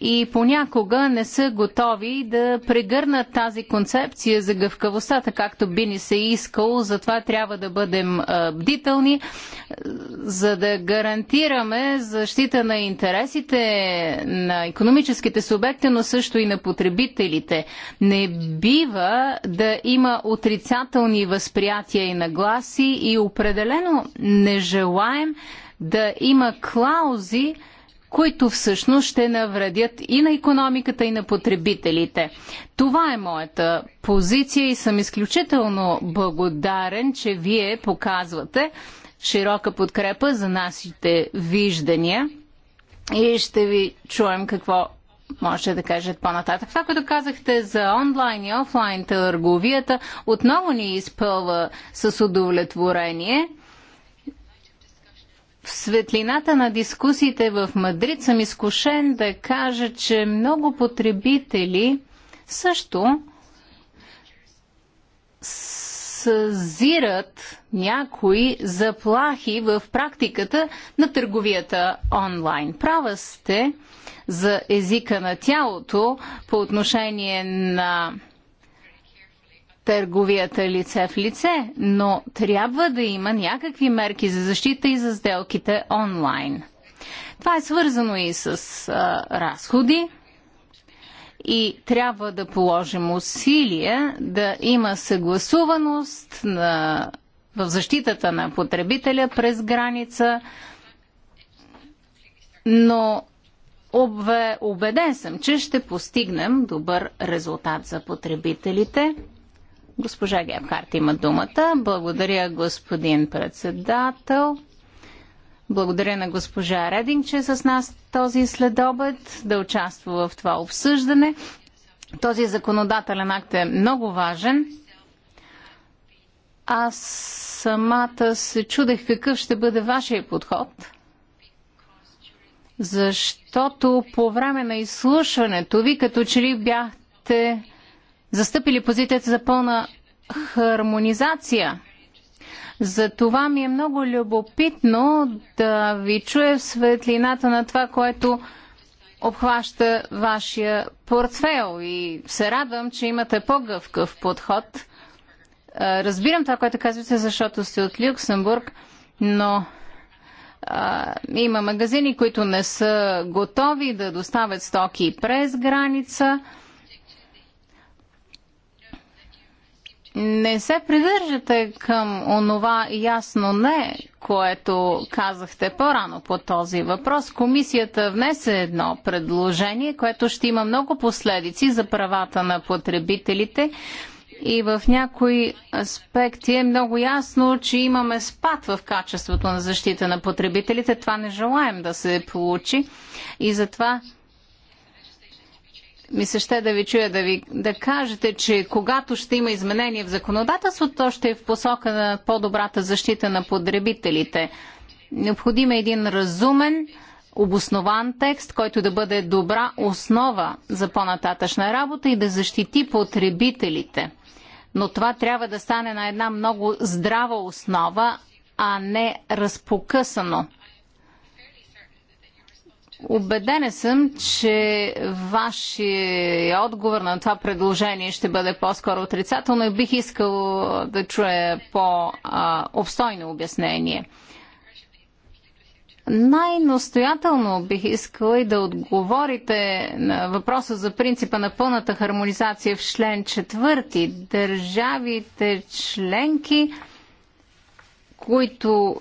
и понякога не са готови да прегърнат тази концепция за гъвкавостта, както би ни се искало. Затова трябва да бъдем бдителни, за да гарантираме защита на интересите на економическите субекти, но също и на потребителите. Не бива да има отрицателни възприятия и нагласи и определено не желаем да има клаузи, които всъщност ще навредят и на економиката, и на потребителите. Това е моята позиция и съм изключително благодарен, че вие показвате широка подкрепа за нашите виждания и ще ви чуем какво може да кажат по-нататък. Това, което казахте за онлайн и офлайн търговията, отново ни изпълва с удовлетворение – в светлината на дискусиите в Мадрид съм изкушен да кажа, че много потребители също съзират някои заплахи в практиката на търговията онлайн. Права сте за езика на тялото по отношение на търговията лице в лице, но трябва да има някакви мерки за защита и за сделките онлайн. Това е свързано и с а, разходи и трябва да положим усилия да има съгласуваност на, в защитата на потребителя през граница, но обе, убеден съм, че ще постигнем добър резултат за потребителите Госпожа Гебхарт има думата. Благодаря, господин председател. Благодаря на госпожа Рединг, че е с нас този следобед да участва в това обсъждане. Този законодателен акт е много важен. Аз самата се чудех какъв ще бъде вашия подход, защото по време на изслушването ви като че ли бяхте застъпили позицията за пълна хармонизация. За това ми е много любопитно да ви чуя в светлината на това, което обхваща вашия портфел и се радвам, че имате по гъвкъв подход. Разбирам това, което казвате, защото сте от Люксембург, но а, има магазини, които не са готови да доставят стоки през граница. А, не се придържате към онова ясно не, което казахте по-рано по този въпрос. Комисията внесе едно предложение, което ще има много последици за правата на потребителите и в някои аспекти е много ясно, че имаме спад в качеството на защита на потребителите. Това не желаем да се получи и затова ми се ще да ви чуя да, ви, да кажете, че когато ще има изменение в законодателството, то ще е в посока на по-добрата защита на потребителите. Необходим е един разумен, обоснован текст, който да бъде добра основа за по-нататъчна работа и да защити потребителите. Но това трябва да стане на една много здрава основа, а не разпокъсано. Обедена съм, че вашия отговор на това предложение ще бъде по-скоро отрицателно и бих искал да чуя по-обстойно обяснение. Най-настоятелно бих искала и да отговорите на въпроса за принципа на пълната хармонизация в член 4. Държавите членки, които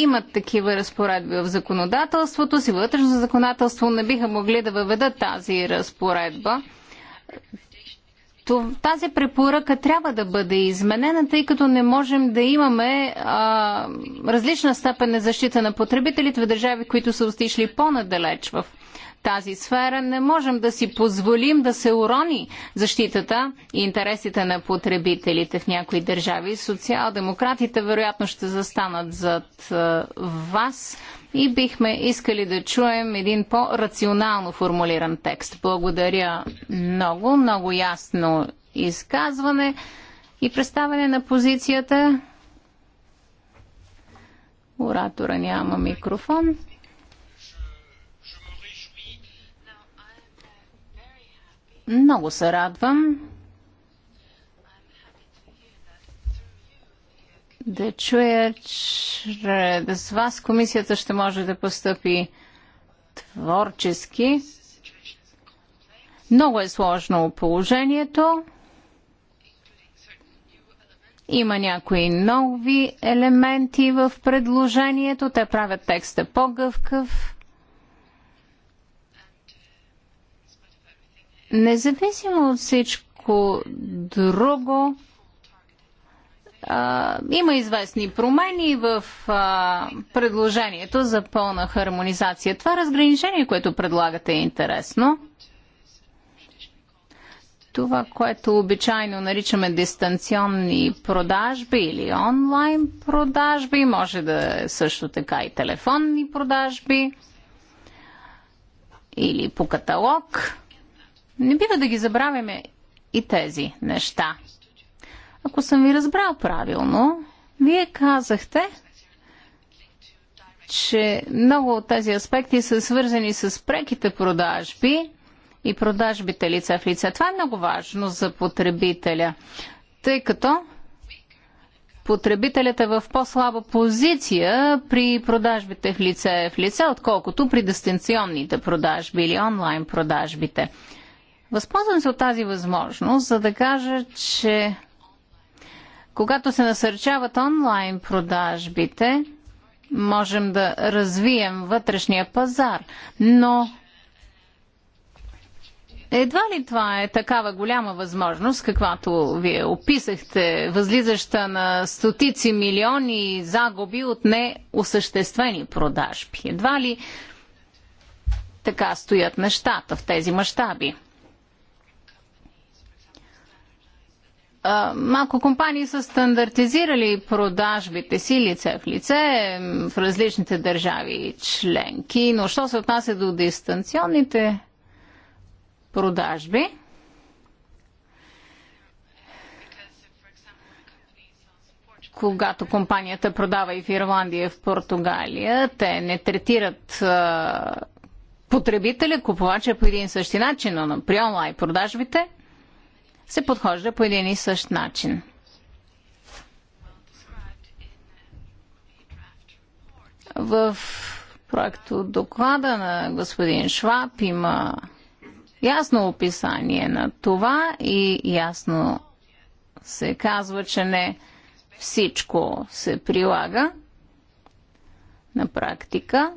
имат такива разпоредби в законодателството си, вътрешно законодателство не биха могли да въведат тази разпоредба. Тази препоръка трябва да бъде изменена, тъй като не можем да имаме а, различна степен на защита на потребителите в държави, които са отишли по-надалеч в тази сфера, не можем да си позволим да се урони защитата и интересите на потребителите в някои държави. Социал-демократите вероятно ще застанат зад вас и бихме искали да чуем един по-рационално формулиран текст. Благодаря много, много ясно изказване и представяне на позицията. Оратора няма микрофон. Много се радвам да чуя, че с вас комисията ще може да поступи творчески. Много е сложно положението. Има някои нови елементи в предложението. Те правят текста по гъвкъв Независимо от всичко друго, а, има известни промени в а, предложението за пълна хармонизация. Това разграничение, което предлагате, е интересно. Това, което обичайно наричаме дистанционни продажби или онлайн продажби, може да е също така и телефонни продажби или по каталог. Не бива да ги забравяме и тези неща. Ако съм ви разбрал правилно, вие казахте, че много от тези аспекти са свързани с преките продажби и продажбите лица в лица. Това е много важно за потребителя, тъй като потребителят е в по-слаба позиция при продажбите в лице в лице, отколкото при дистанционните продажби или онлайн продажбите. Възползвам се от тази възможност, за да кажа, че когато се насърчават онлайн продажбите, можем да развием вътрешния пазар, но едва ли това е такава голяма възможност, каквато вие описахте, възлизаща на стотици милиони загуби от неосъществени продажби? Едва ли така стоят нещата в тези мащаби? малко компании са стандартизирали продажбите си лице в лице в различните държави и членки, но що се отнася до дистанционните продажби? когато компанията продава и в Ирландия, и в Португалия, те не третират потребителя, купувача по един същи начин, но при онлайн продажбите – се подхожда по един и същ начин. В проекто доклада на господин Шваб има ясно описание на това и ясно се казва, че не всичко се прилага на практика.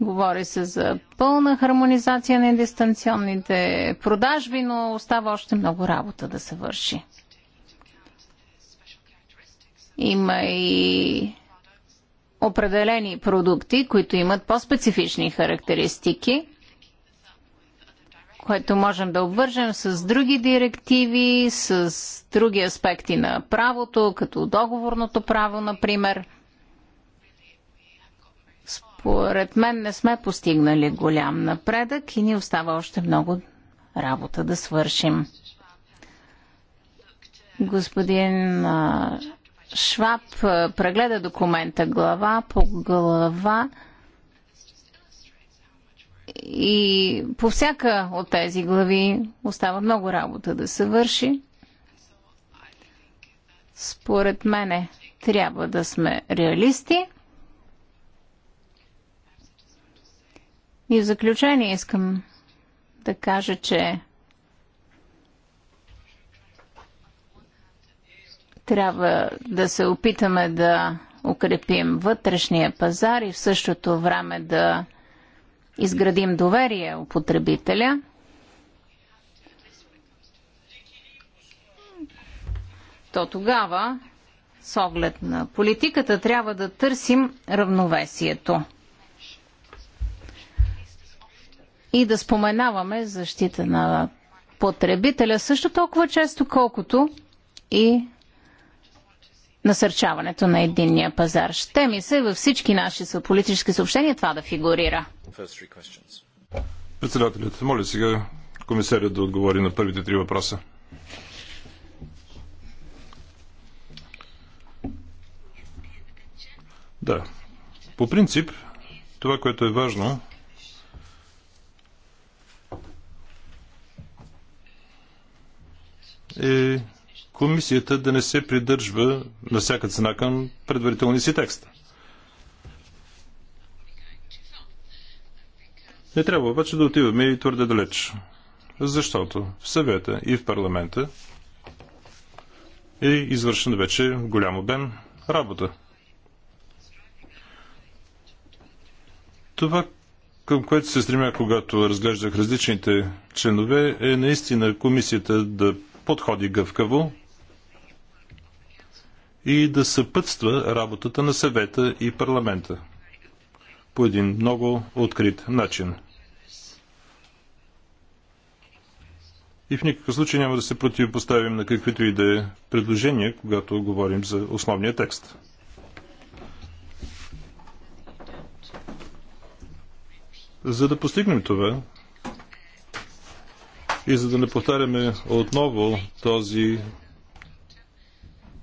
Говори се за пълна хармонизация на дистанционните продажби, но остава още много работа да се върши. Има и определени продукти, които имат по-специфични характеристики, което можем да обвържем с други директиви, с други аспекти на правото, като договорното право, например – според мен не сме постигнали голям напредък и ни остава още много работа да свършим. Господин Шваб прегледа документа глава по глава и по всяка от тези глави остава много работа да се върши. Според мене трябва да сме реалисти И в заключение искам да кажа, че трябва да се опитаме да укрепим вътрешния пазар и в същото време да изградим доверие у потребителя. То тогава, с оглед на политиката, трябва да търсим равновесието. и да споменаваме защита на потребителя също толкова често, колкото и насърчаването на единния пазар. Ще ми се във всички наши политически съобщения това да фигурира. Председателят, моля сега комисарят да отговори на първите три въпроса. Да. По принцип, това, което е важно е комисията да не се придържва на всяка цена към предварителния си текст. Не трябва обаче да отиваме и твърде далеч, защото в съвета и в парламента е извършен вече голям обем работа. Това, към което се стремя, когато разглеждах различните членове, е наистина комисията да подходи гъвкаво и да съпътства работата на съвета и парламента по един много открит начин. И в никакъв случай няма да се противопоставим на каквито и да е предложения, когато говорим за основния текст. За да постигнем това, и за да не повтаряме отново този,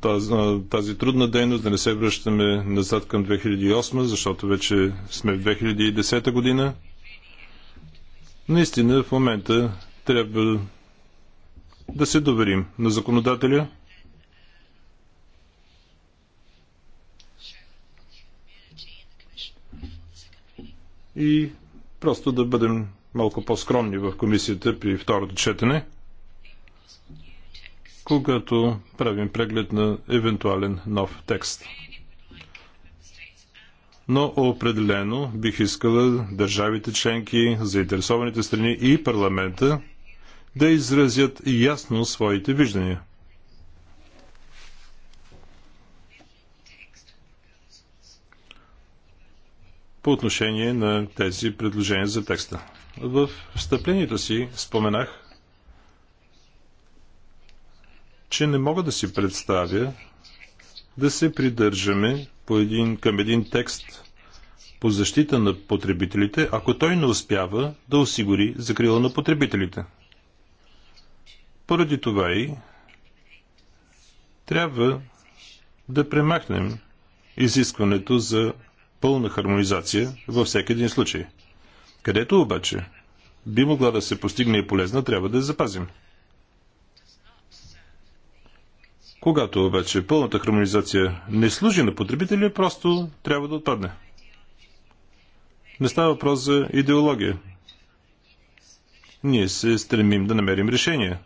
тази, тази трудна дейност, да не се връщаме назад към 2008, защото вече сме в 2010 година, наистина в момента трябва да се доверим на законодателя, и просто да бъдем малко по-скромни в комисията при второто четене, когато правим преглед на евентуален нов текст. Но определено бих искала държавите членки, заинтересованите страни и парламента да изразят ясно своите виждания. по отношение на тези предложения за текста. В встъплението си споменах, че не мога да си представя да се придържаме по един, към един текст по защита на потребителите, ако той не успява да осигури закрила на потребителите. Поради това и трябва да премахнем изискването за пълна хармонизация във всеки един случай – където обаче би могла да се постигне и полезна, трябва да я запазим. Когато обаче пълната хармонизация не служи на потребителя, просто трябва да отпадне. Не става въпрос за идеология. Ние се стремим да намерим решение.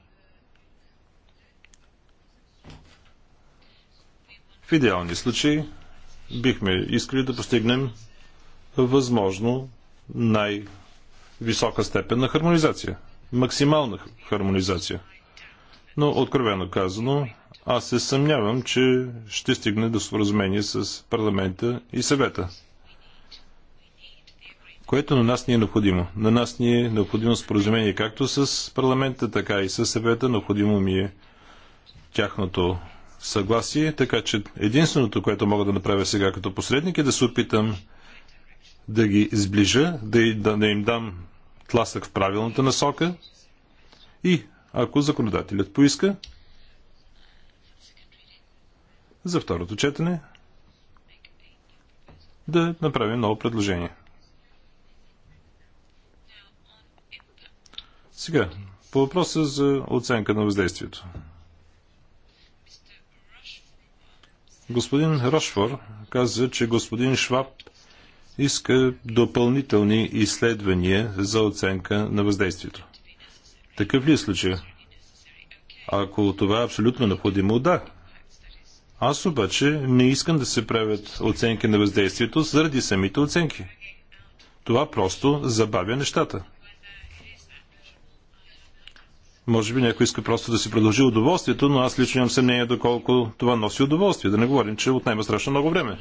В идеални случаи бихме искали да постигнем възможно най-висока степен на хармонизация. Максимална хармонизация. Но, откровено казано, аз се съмнявам, че ще стигне до споразумение с парламента и съвета. Което на нас ни е необходимо. На нас ни е необходимо споразумение както с парламента, така и с съвета. Необходимо ми е тяхното съгласие, така че единственото, което мога да направя сега като посредник е да се опитам да ги сближа, да, да, да им дам тласък в правилната насока и, ако законодателят поиска, за второто четене да направим ново предложение. Сега, по въпроса за оценка на въздействието. Господин Рошфор каза, че господин Шваб иска допълнителни изследвания за оценка на въздействието. Такъв ли е случай? Ако това е абсолютно необходимо, да. Аз обаче не искам да се правят оценки на въздействието заради самите оценки. Това просто забавя нещата. Може би някой иска просто да си продължи удоволствието, но аз лично имам съмнение доколко това носи удоволствие. Да не говорим, че отнема страшно много време.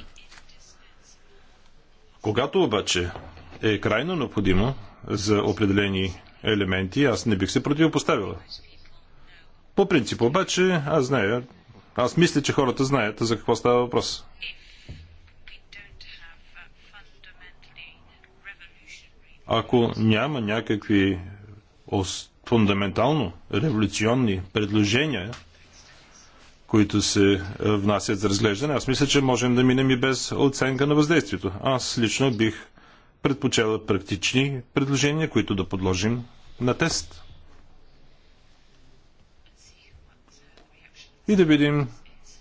Когато обаче е крайно необходимо за определени елементи, аз не бих се противопоставила. По принцип обаче, аз знае, аз мисля, че хората знаят за какво става въпрос. Ако няма някакви фундаментално революционни предложения които се е, внасят за разглеждане. Аз мисля, че можем да минем и без оценка на въздействието. Аз лично бих предпочел практични предложения, които да подложим на тест. И да видим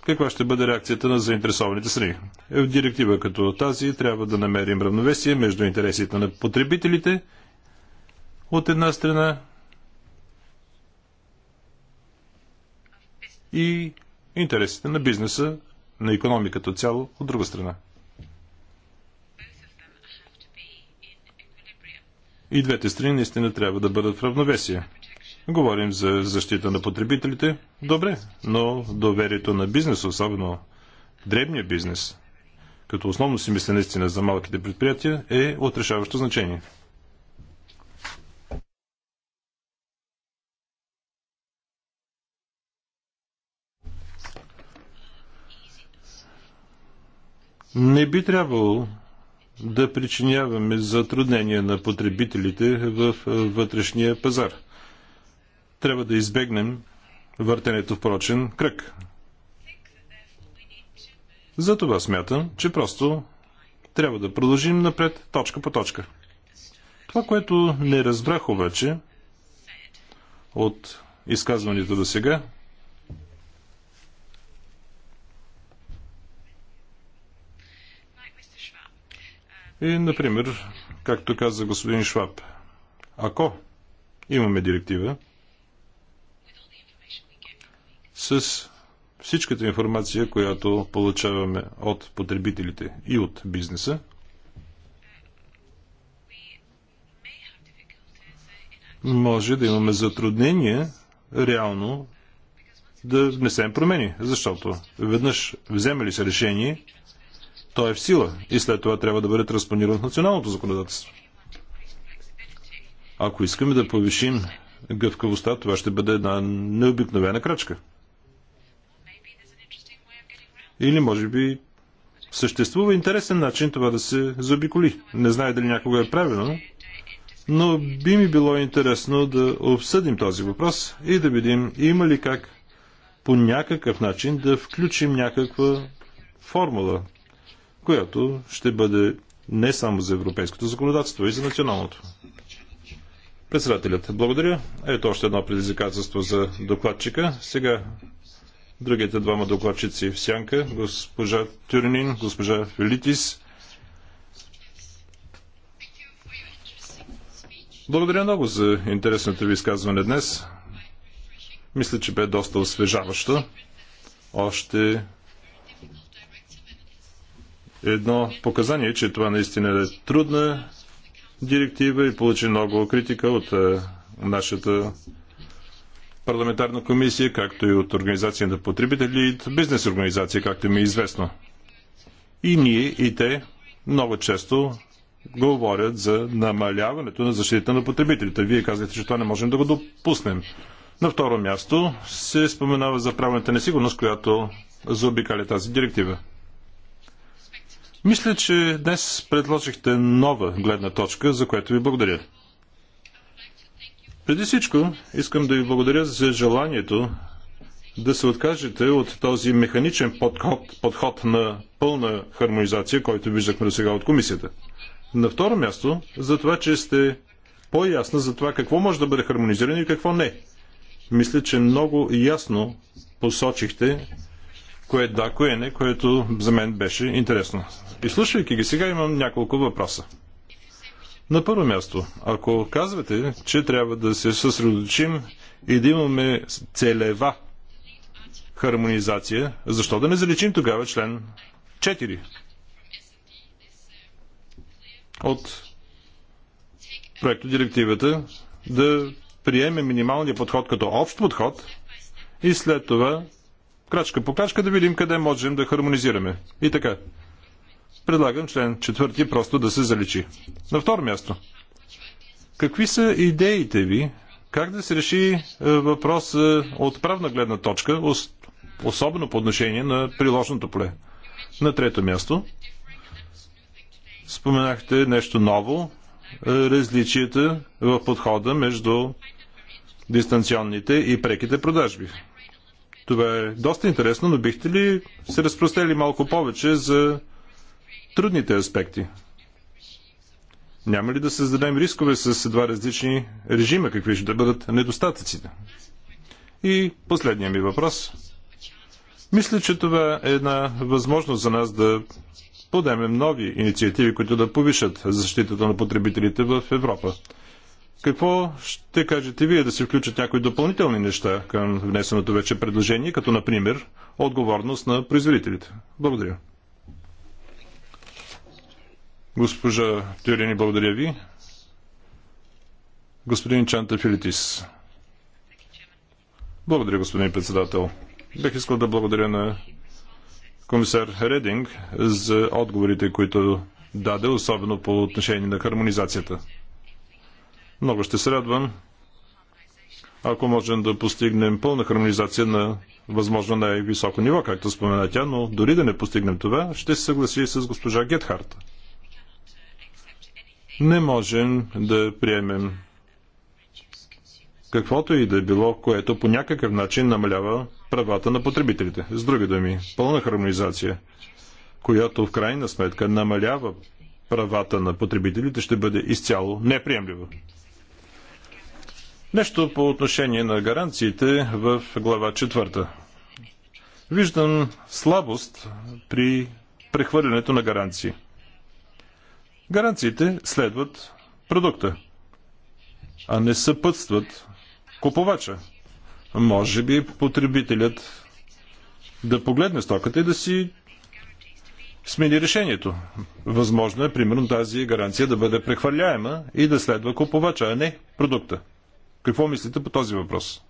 каква ще бъде реакцията на заинтересованите страни. В е, директива като тази трябва да намерим равновесие между интересите на потребителите от една страна и интересите на бизнеса, на економиката цяло, от друга страна. И двете страни наистина трябва да бъдат в равновесие. Говорим за защита на потребителите, добре, но доверието на бизнес, особено дребния бизнес, като основно си мисля наистина за малките предприятия, е от решаващо значение. Не би трябвало да причиняваме затруднения на потребителите в вътрешния пазар. Трябва да избегнем въртенето в прочен кръг. Затова смятам, че просто трябва да продължим напред точка по точка. Това, което не разбрах обаче от изказването до сега, И, например, както каза господин Шваб, ако имаме директива с всичката информация, която получаваме от потребителите и от бизнеса, може да имаме затруднение реално да внесем промени, защото веднъж вземали ли се решение, той е в сила и след това трябва да бъде транспониран в националното законодателство. Ако искаме да повишим гъвкавостта, това ще бъде една необикновена крачка. Или може би съществува интересен начин това да се забиколи. Не знае дали някога е правилно, но би ми било интересно да обсъдим този въпрос и да видим има ли как по някакъв начин да включим някаква формула, която ще бъде не само за европейското законодателство, и за националното. Председателят, благодаря. Ето още едно предизвикателство за докладчика. Сега другите двама докладчици в сянка, госпожа Тюрнин, госпожа Филитис. Благодаря много за интересното ви изказване днес. Мисля, че бе доста освежаващо. Още едно показание, че това наистина е трудна директива и получи много критика от е, нашата парламентарна комисия, както и от Организация на потребители и от бизнес организация, както ми е известно. И ние, и те много често говорят за намаляването на защита на потребителите. Вие казвате, че това не можем да го допуснем. На второ място се споменава за правната несигурност, която заобикаля тази директива. Мисля, че днес предложихте нова гледна точка, за което ви благодаря. Преди всичко, искам да ви благодаря за желанието да се откажете от този механичен подход, подход на пълна хармонизация, който виждахме до сега от комисията. На второ място, за това, че сте по-ясна за това какво може да бъде хармонизирано и какво не. Мисля, че много ясно посочихте кое да, кое не, което за мен беше интересно. И слушайки ги сега имам няколко въпроса. На първо място, ако казвате, че трябва да се съсредоточим и да имаме целева хармонизация, защо да не заличим тогава член 4 от проекто директивата да приеме минималния подход като общ подход и след това крачка по крачка да видим къде можем да хармонизираме. И така. Предлагам член четвърти просто да се заличи. На второ място. Какви са идеите ви как да се реши е, въпрос е, от правна гледна точка, особено по отношение на приложното поле? На трето място. Споменахте нещо ново. Е, различията в подхода между дистанционните и преките продажби. Това е доста интересно, но бихте ли се разпростели малко повече за трудните аспекти? Няма ли да създадем рискове с два различни режима? Какви ще да бъдат недостатъците? И последния ми въпрос. Мисля, че това е една възможност за нас да подемем нови инициативи, които да повишат защитата на потребителите в Европа. Какво ще кажете вие да се включат някои допълнителни неща към внесеното вече предложение, като например отговорност на производителите? Благодаря. Госпожа Тюрини, благодаря ви. Господин Чанта Филитис. Благодаря, господин председател. Бих искал да благодаря на комисар Рединг за отговорите, които даде, особено по отношение на хармонизацията. Много ще се радвам, ако можем да постигнем пълна хармонизация на възможно най-високо ниво, както спомена тя, но дори да не постигнем това, ще се съгласи с госпожа Гетхарт. Не можем да приемем каквото и да е било, което по някакъв начин намалява правата на потребителите. С други думи, пълна хармонизация, която в крайна сметка намалява правата на потребителите, ще бъде изцяло неприемлива. Нещо по отношение на гаранциите в глава 4. Виждам слабост при прехвърлянето на гаранции. Гаранциите следват продукта, а не съпътстват купувача. Може би потребителят да погледне стоката и да си смени решението. Възможно е, примерно, тази гаранция да бъде прехвърляема и да следва купувача, а не продукта. Какво мислите по този въпрос?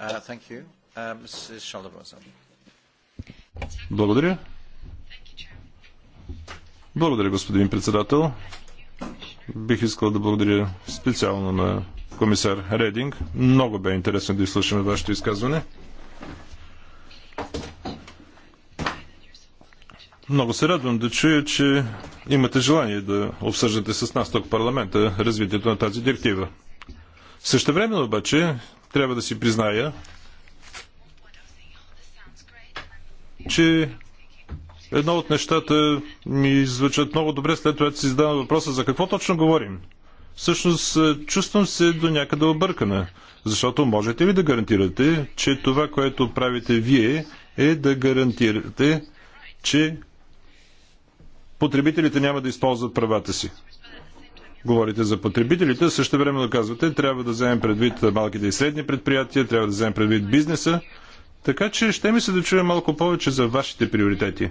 Uh, uh, благодаря. Благодаря, господин председател. Бих искал да благодаря специално на комисар Рединг. Много бе интересно да изслушаме вашето изказване. Много се радвам да чуя, че имате желание да обсъждате с нас тук парламента развитието на тази директива. Също време обаче трябва да си призная, че едно от нещата ми звучат много добре, след това си задавам въпроса за какво точно говорим. Всъщност чувствам се до някъде объркана, защото можете ли да гарантирате, че това, което правите вие, е да гарантирате, че потребителите няма да използват правата си. Говорите за потребителите, също време да казвате, трябва да вземем предвид малките и средни предприятия, трябва да вземем предвид бизнеса. Така че ще ми се да чуя малко повече за вашите приоритети.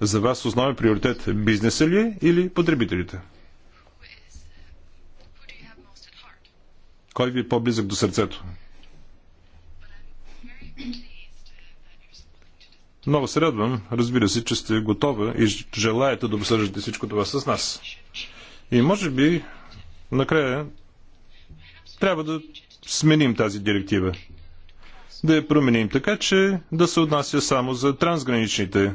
За вас основен приоритет е бизнеса ли е или потребителите? Кой ви е по-близък до сърцето? Много се радвам, разбира се, че сте готова и желаете да обсъждате всичко това с нас. И може би, накрая, трябва да сменим тази директива. Да я променим така, че да се отнася само за трансграничните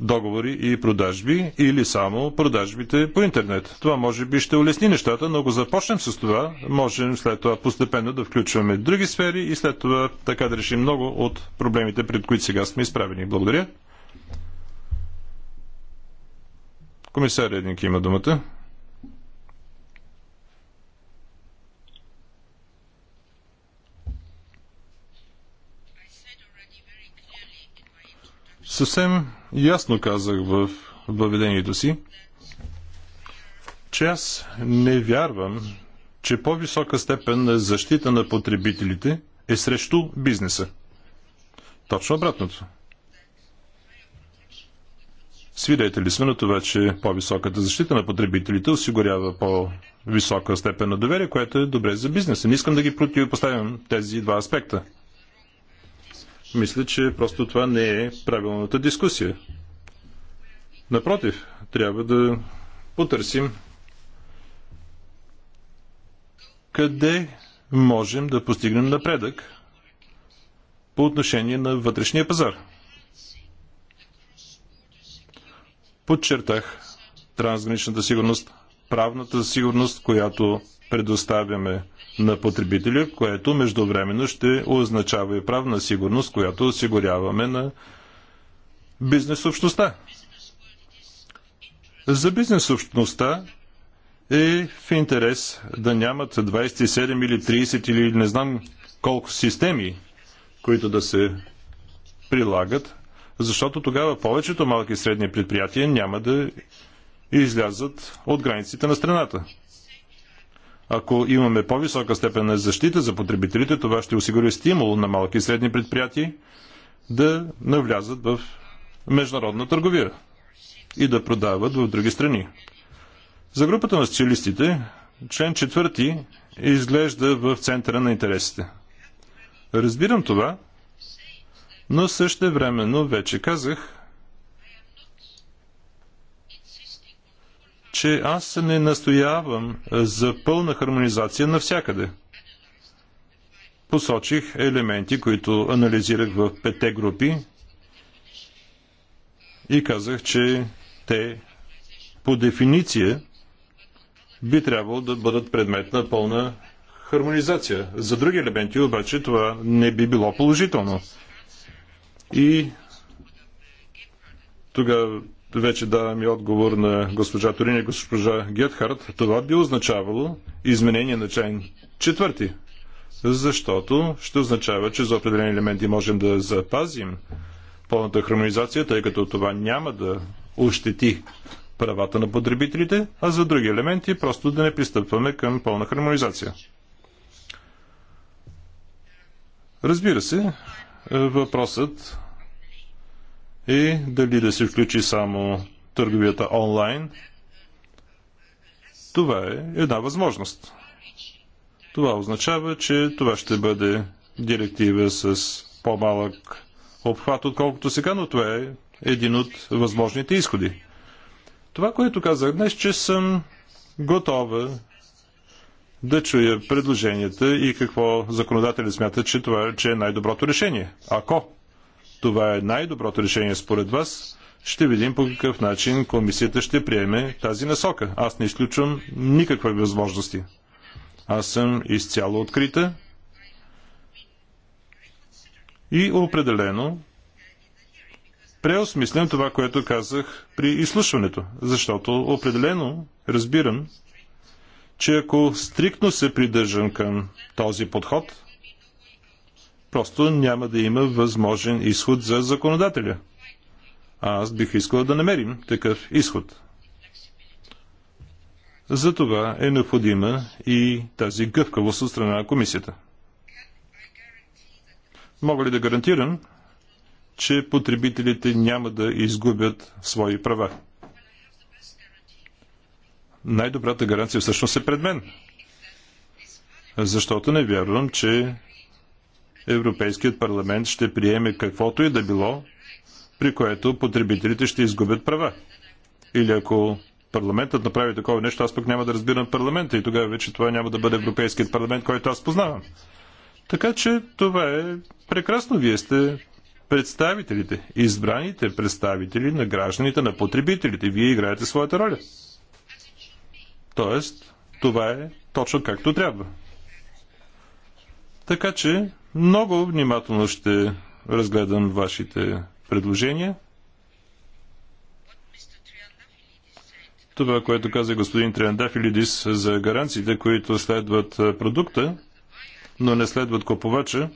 договори и продажби или само продажбите по интернет. Това може би ще улесни нещата, но ако започнем с това, можем след това постепенно да включваме други сфери и след това така да решим много от проблемите, пред които сега сме изправени. Благодаря. Комисар Едник има думата. Съвсем ясно казах в въведението си, че аз не вярвам, че по-висока степен на защита на потребителите е срещу бизнеса. Точно обратното. Свидетели сме на това, че по-високата защита на потребителите осигурява по-висока степен на доверие, което е добре за бизнеса. Не искам да ги противопоставям тези два аспекта. Мисля, че просто това не е правилната дискусия. Напротив, трябва да потърсим къде можем да постигнем напредък по отношение на вътрешния пазар. Подчертах трансграничната сигурност, правната сигурност, която предоставяме на потребителя, което междувременно ще означава и правна сигурност, която осигуряваме на бизнес общността. За бизнес общността е в интерес да нямат 27 или 30 или не знам колко системи, които да се прилагат, защото тогава повечето малки и средни предприятия няма да излязат от границите на страната. Ако имаме по-висока степен на защита за потребителите, това ще осигури стимул на малки и средни предприятия да навлязат в международна търговия и да продават в други страни. За групата на социалистите, член 4 изглежда в центъра на интересите. Разбирам това, но също времено вече казах, че аз не настоявам за пълна хармонизация навсякъде. Посочих елементи, които анализирах в пете групи и казах, че те по дефиниция би трябвало да бъдат предмет на пълна хармонизация. За други елементи обаче това не би било положително. И тогава вече давам и отговор на госпожа Торин и госпожа Гетхард, това би означавало изменение на член четвърти. Защото ще означава, че за определени елементи можем да запазим пълната хармонизация, тъй като това няма да ощети правата на потребителите, а за други елементи просто да не пристъпваме към пълна хармонизация. Разбира се, въпросът и дали да се включи само търговията онлайн. Това е една възможност. Това означава, че това ще бъде директива с по-малък обхват, отколкото сега, но това е един от възможните изходи. Това, което казах днес, че съм готова да чуя предложенията и какво законодателят смята, че това е, че е най-доброто решение. Ако това е най-доброто решение според вас, ще видим по какъв начин комисията ще приеме тази насока. Аз не изключвам никакви възможности. Аз съм изцяло открита и определено преосмислям това, което казах при изслушването, защото определено разбирам, че ако стриктно се придържам към този подход – просто няма да има възможен изход за законодателя. А аз бих искал да намерим такъв изход. Затова е необходима и тази гъвкавост от страна на комисията. Мога ли да гарантирам, че потребителите няма да изгубят свои права? Най-добрата гаранция всъщност е пред мен. Защото не вярвам, че Европейският парламент ще приеме каквото и да било, при което потребителите ще изгубят права. Или ако парламентът направи такова нещо, аз пък няма да разбирам парламента и тогава вече това няма да бъде Европейският парламент, който аз познавам. Така че това е прекрасно. Вие сте представителите, избраните представители на гражданите, на потребителите. Вие играете своята роля. Тоест, това е точно както трябва. Така че много внимателно ще разгледам вашите предложения. Това, което каза господин Триандафилидис за гаранциите, които следват продукта, но не следват купувача,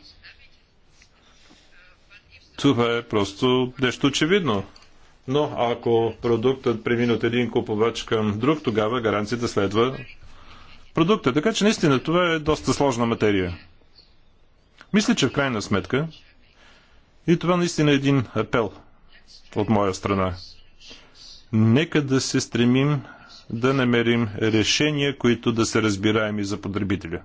това е просто нещо очевидно. Но ако продуктът премине от един купувач към друг, тогава гаранцията следва продукта. Така че наистина това е доста сложна материя. Мисля, че в крайна сметка, и това наистина е един апел от моя страна, нека да се стремим да намерим решения, които да се разбираем и за потребителя.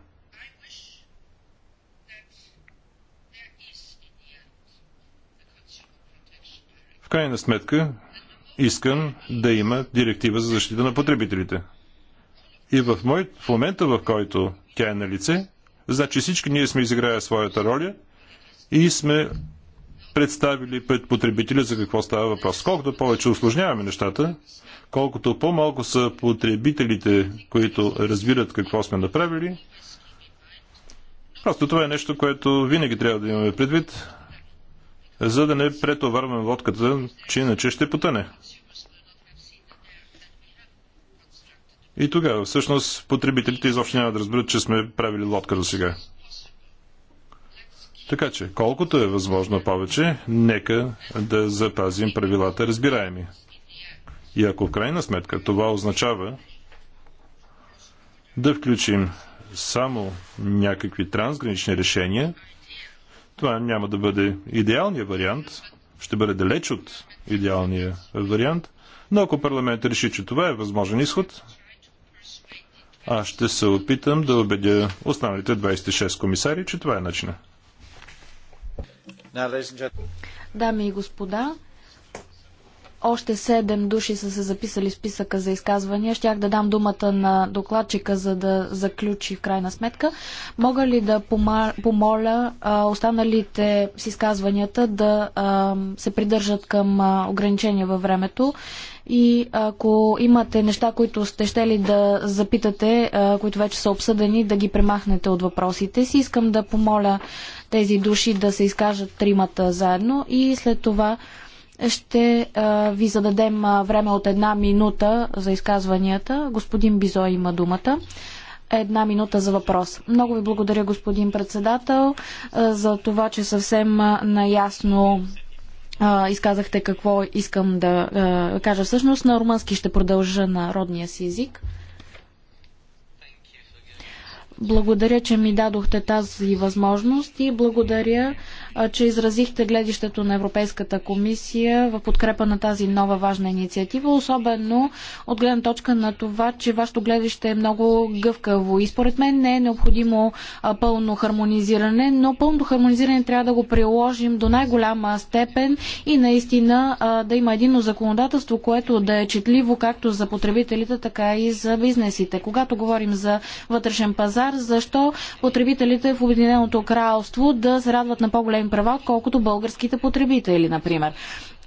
В крайна сметка, искам да има директива за защита на потребителите. И в, мой, в момента, в който тя е на лице, Значи всички ние сме изиграли своята роля и сме представили пред потребителя за какво става въпрос. Колкото повече осложняваме нещата, колкото по-малко са потребителите, които разбират какво сме направили, просто това е нещо, което винаги трябва да имаме предвид, за да не претоварваме лодката, че иначе ще потъне. И тогава всъщност потребителите изобщо няма да разберат, че сме правили лодка до сега. Така че, колкото е възможно повече, нека да запазим правилата разбираеми. И ако в крайна сметка това означава да включим само някакви трансгранични решения, това няма да бъде идеалният вариант, ще бъде далеч от идеалния вариант, но ако парламент реши, че това е възможен изход, аз ще се опитам да убедя останалите 26 комисари, че това е начина. Дами и господа, още седем души са се записали в списъка за изказвания. Щях да дам думата на докладчика, за да заключи в крайна сметка. Мога ли да помоля останалите с изказванията да се придържат към ограничения във времето? И ако имате неща, които сте щели да запитате, които вече са обсъдени, да ги премахнете от въпросите си, искам да помоля тези души да се изкажат тримата заедно и след това ще а, ви зададем а, време от една минута за изказванията. Господин Бизой има думата. Една минута за въпрос. Много ви благодаря, господин председател, а, за това, че съвсем а, наясно а, изказахте какво искам да а, кажа. Всъщност на румънски ще продължа на родния си език. Благодаря, че ми дадохте тази възможност и благодаря, че изразихте гледището на Европейската комисия в подкрепа на тази нова важна инициатива, особено от гледна точка на това, че вашето гледище е много гъвкаво и според мен не е необходимо пълно хармонизиране, но пълното хармонизиране трябва да го приложим до най-голяма степен и наистина да има едино законодателство, което да е четливо както за потребителите, така и за бизнесите. Когато говорим за вътрешен пазар, пазар, защо потребителите в Обединеното кралство да се радват на по-големи права, отколкото българските потребители, например.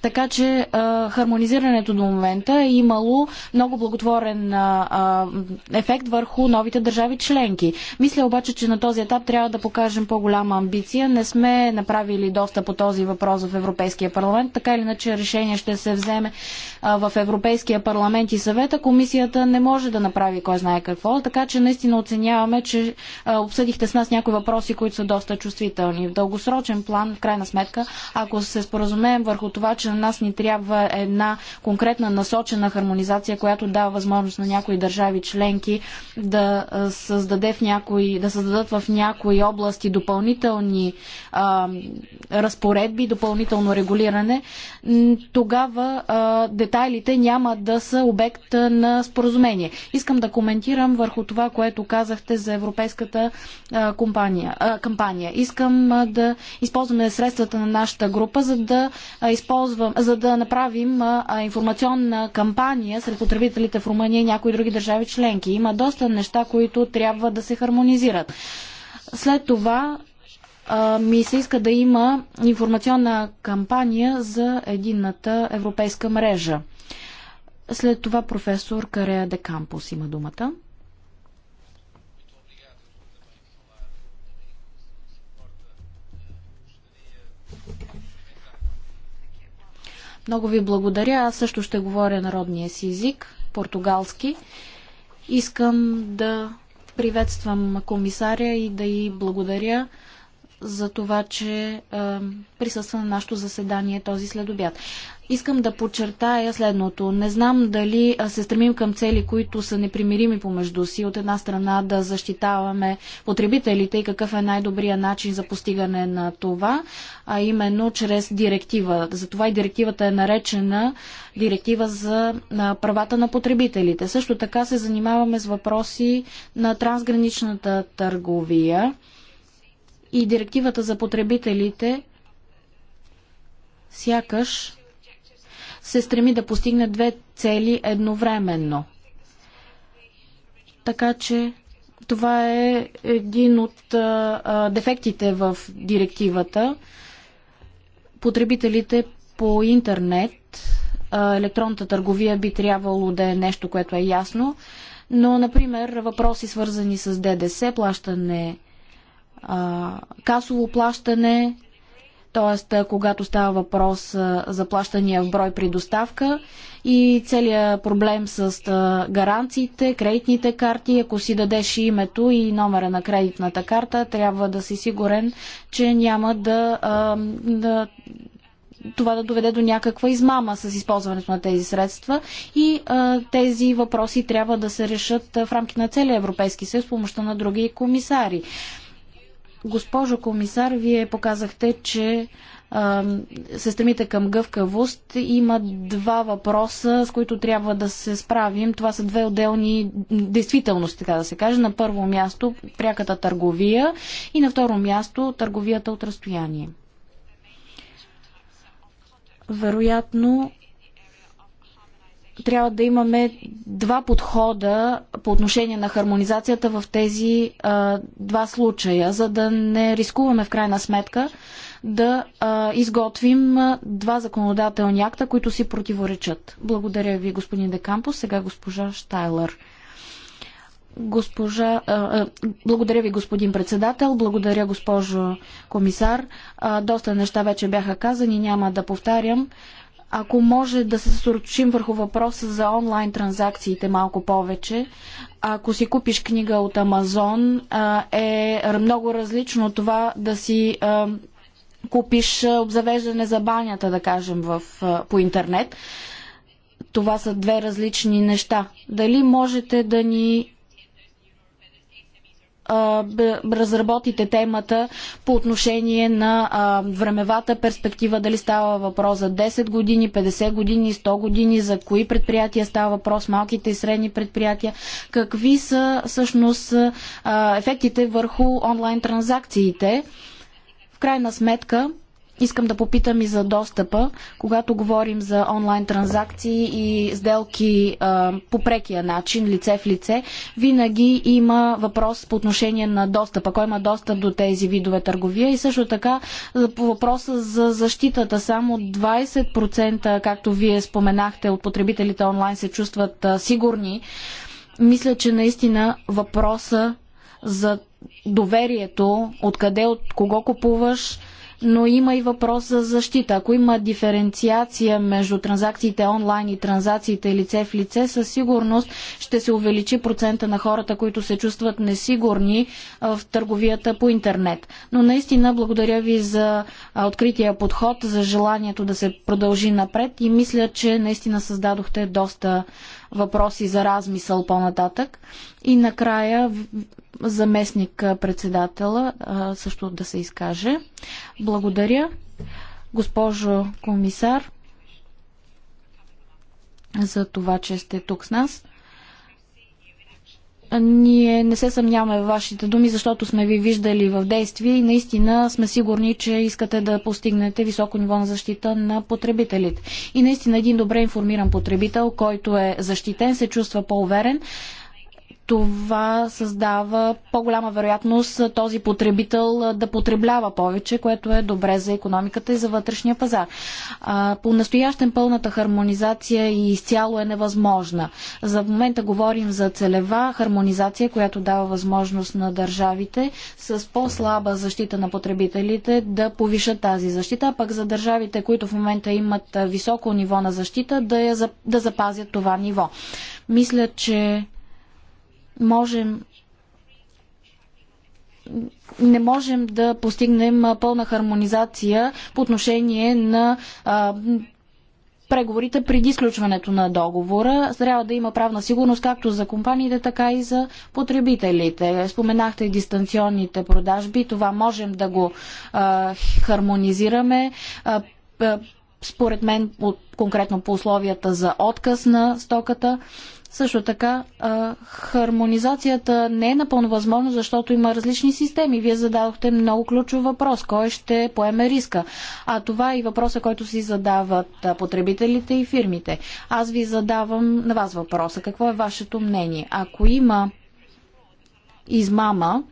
Така че а, хармонизирането до момента е имало много благотворен а, ефект върху новите държави членки. Мисля обаче, че на този етап трябва да покажем по-голяма амбиция. Не сме направили доста по този въпрос в Европейския парламент. Така или иначе решение ще се вземе а, в Европейския парламент и съвета. Комисията не може да направи кой знае какво. Така че наистина оценяваме, че а, обсъдихте с нас някои въпроси, които са доста чувствителни. В дългосрочен план, в крайна сметка, ако се споразумеем върху това, че нас ни трябва една конкретна насочена хармонизация, която дава възможност на някои държави членки да, създаде в някои, да създадат в някои области допълнителни а, разпоредби, допълнително регулиране. Тогава а, детайлите няма да са обект на споразумение. Искам да коментирам върху това, което казахте за европейската а, компания, а, кампания. Искам а, да използваме средствата на нашата група, за да използваме използвам, за да направим информационна кампания сред потребителите в Румъния и някои други държави членки. Има доста неща, които трябва да се хармонизират. След това ми се иска да има информационна кампания за единната европейска мрежа. След това професор Карея де Кампус има думата. Много ви благодаря. Аз също ще говоря народния си език, португалски. Искам да приветствам комисаря и да й благодаря за това, че а, присъства на нашето заседание този следобят. Искам да подчертая следното. Не знам дали се стремим към цели, които са непримирими помежду си. От една страна да защитаваме потребителите и какъв е най-добрият начин за постигане на това, а именно чрез директива. Затова и директивата е наречена директива за правата на потребителите. Също така се занимаваме с въпроси на трансграничната търговия и директивата за потребителите сякаш се стреми да постигне две цели едновременно. Така че това е един от а, а, дефектите в директивата. Потребителите по интернет, а, електронната търговия би трябвало да е нещо, което е ясно, но, например, въпроси свързани с ДДС, плащане касово плащане, т.е. когато става въпрос за плащания в брой при доставка и целият проблем с гаранциите, кредитните карти, ако си дадеш името и номера на кредитната карта, трябва да си сигурен, че няма да, да това да доведе до някаква измама с използването на тези средства и а, тези въпроси трябва да се решат в рамките на целия Европейски съюз с помощта на други комисари. Госпожо комисар, вие показахте, че се стремите към гъвкавост. Има два въпроса, с които трябва да се справим. Това са две отделни действителности, така да се каже. На първо място пряката търговия и на второ място търговията от разстояние. Вероятно, трябва да имаме два подхода по отношение на хармонизацията в тези а, два случая, за да не рискуваме в крайна сметка да а, изготвим два законодателни акта, които си противоречат. Благодаря ви, господин Декампо. Сега госпожа Штайлер. Госпожа, а, благодаря ви, господин председател. Благодаря, госпожо комисар. А, доста неща вече бяха казани, няма да повтарям. Ако може да се сорочим върху въпроса за онлайн транзакциите малко повече, ако си купиш книга от Амазон, е много различно това да си купиш обзавеждане за банята, да кажем, в, по интернет. Това са две различни неща. Дали можете да ни разработите темата по отношение на времевата перспектива, дали става въпрос за 10 години, 50 години, 100 години, за кои предприятия става въпрос, малките и средни предприятия, какви са всъщност ефектите върху онлайн транзакциите. В крайна сметка, Искам да попитам и за достъпа, когато говорим за онлайн транзакции и сделки а, по прекия начин, лице в лице, винаги има въпрос по отношение на достъпа. Кой има достъп до тези видове търговия и също така по въпроса за защитата. Само 20%, както вие споменахте, от потребителите онлайн се чувстват а, сигурни. Мисля, че наистина въпроса за доверието, откъде, от кого купуваш, но има и въпрос за защита. Ако има диференциация между транзакциите онлайн и транзакциите лице в лице, със сигурност ще се увеличи процента на хората, които се чувстват несигурни в търговията по интернет. Но наистина благодаря ви за открития подход, за желанието да се продължи напред и мисля, че наистина създадохте доста въпроси за размисъл по-нататък. И накрая заместник председателя също да се изкаже. Благодаря. Госпожо комисар, за това, че сте тук с нас. Ние не се съмняваме в вашите думи, защото сме ви виждали в действие и наистина сме сигурни, че искате да постигнете високо ниво на защита на потребителите. И наистина един добре информиран потребител, който е защитен, се чувства по-уверен това създава по-голяма вероятност този потребител да потреблява повече, което е добре за економиката и за вътрешния пазар. По настоящен пълната хармонизация и изцяло е невъзможна. За момента говорим за целева хармонизация, която дава възможност на държавите с по-слаба защита на потребителите да повишат тази защита, а пък за държавите, които в момента имат високо ниво на защита, да, я, да запазят това ниво. Мисля, че можем не можем да постигнем пълна хармонизация по отношение на а, преговорите преди сключването на договора. Трябва да има правна сигурност както за компаниите, така и за потребителите. Споменахте и дистанционните продажби. Това можем да го а, хармонизираме. А, според мен, конкретно по условията за отказ на стоката. А, също така, а, хармонизацията не е напълно възможно, защото има различни системи. Вие зададохте много ключов въпрос. Кой ще поеме риска? А това е и въпроса, който си задават потребителите и фирмите. Аз ви задавам на вас въпроса. Какво е вашето мнение? Ако има измама,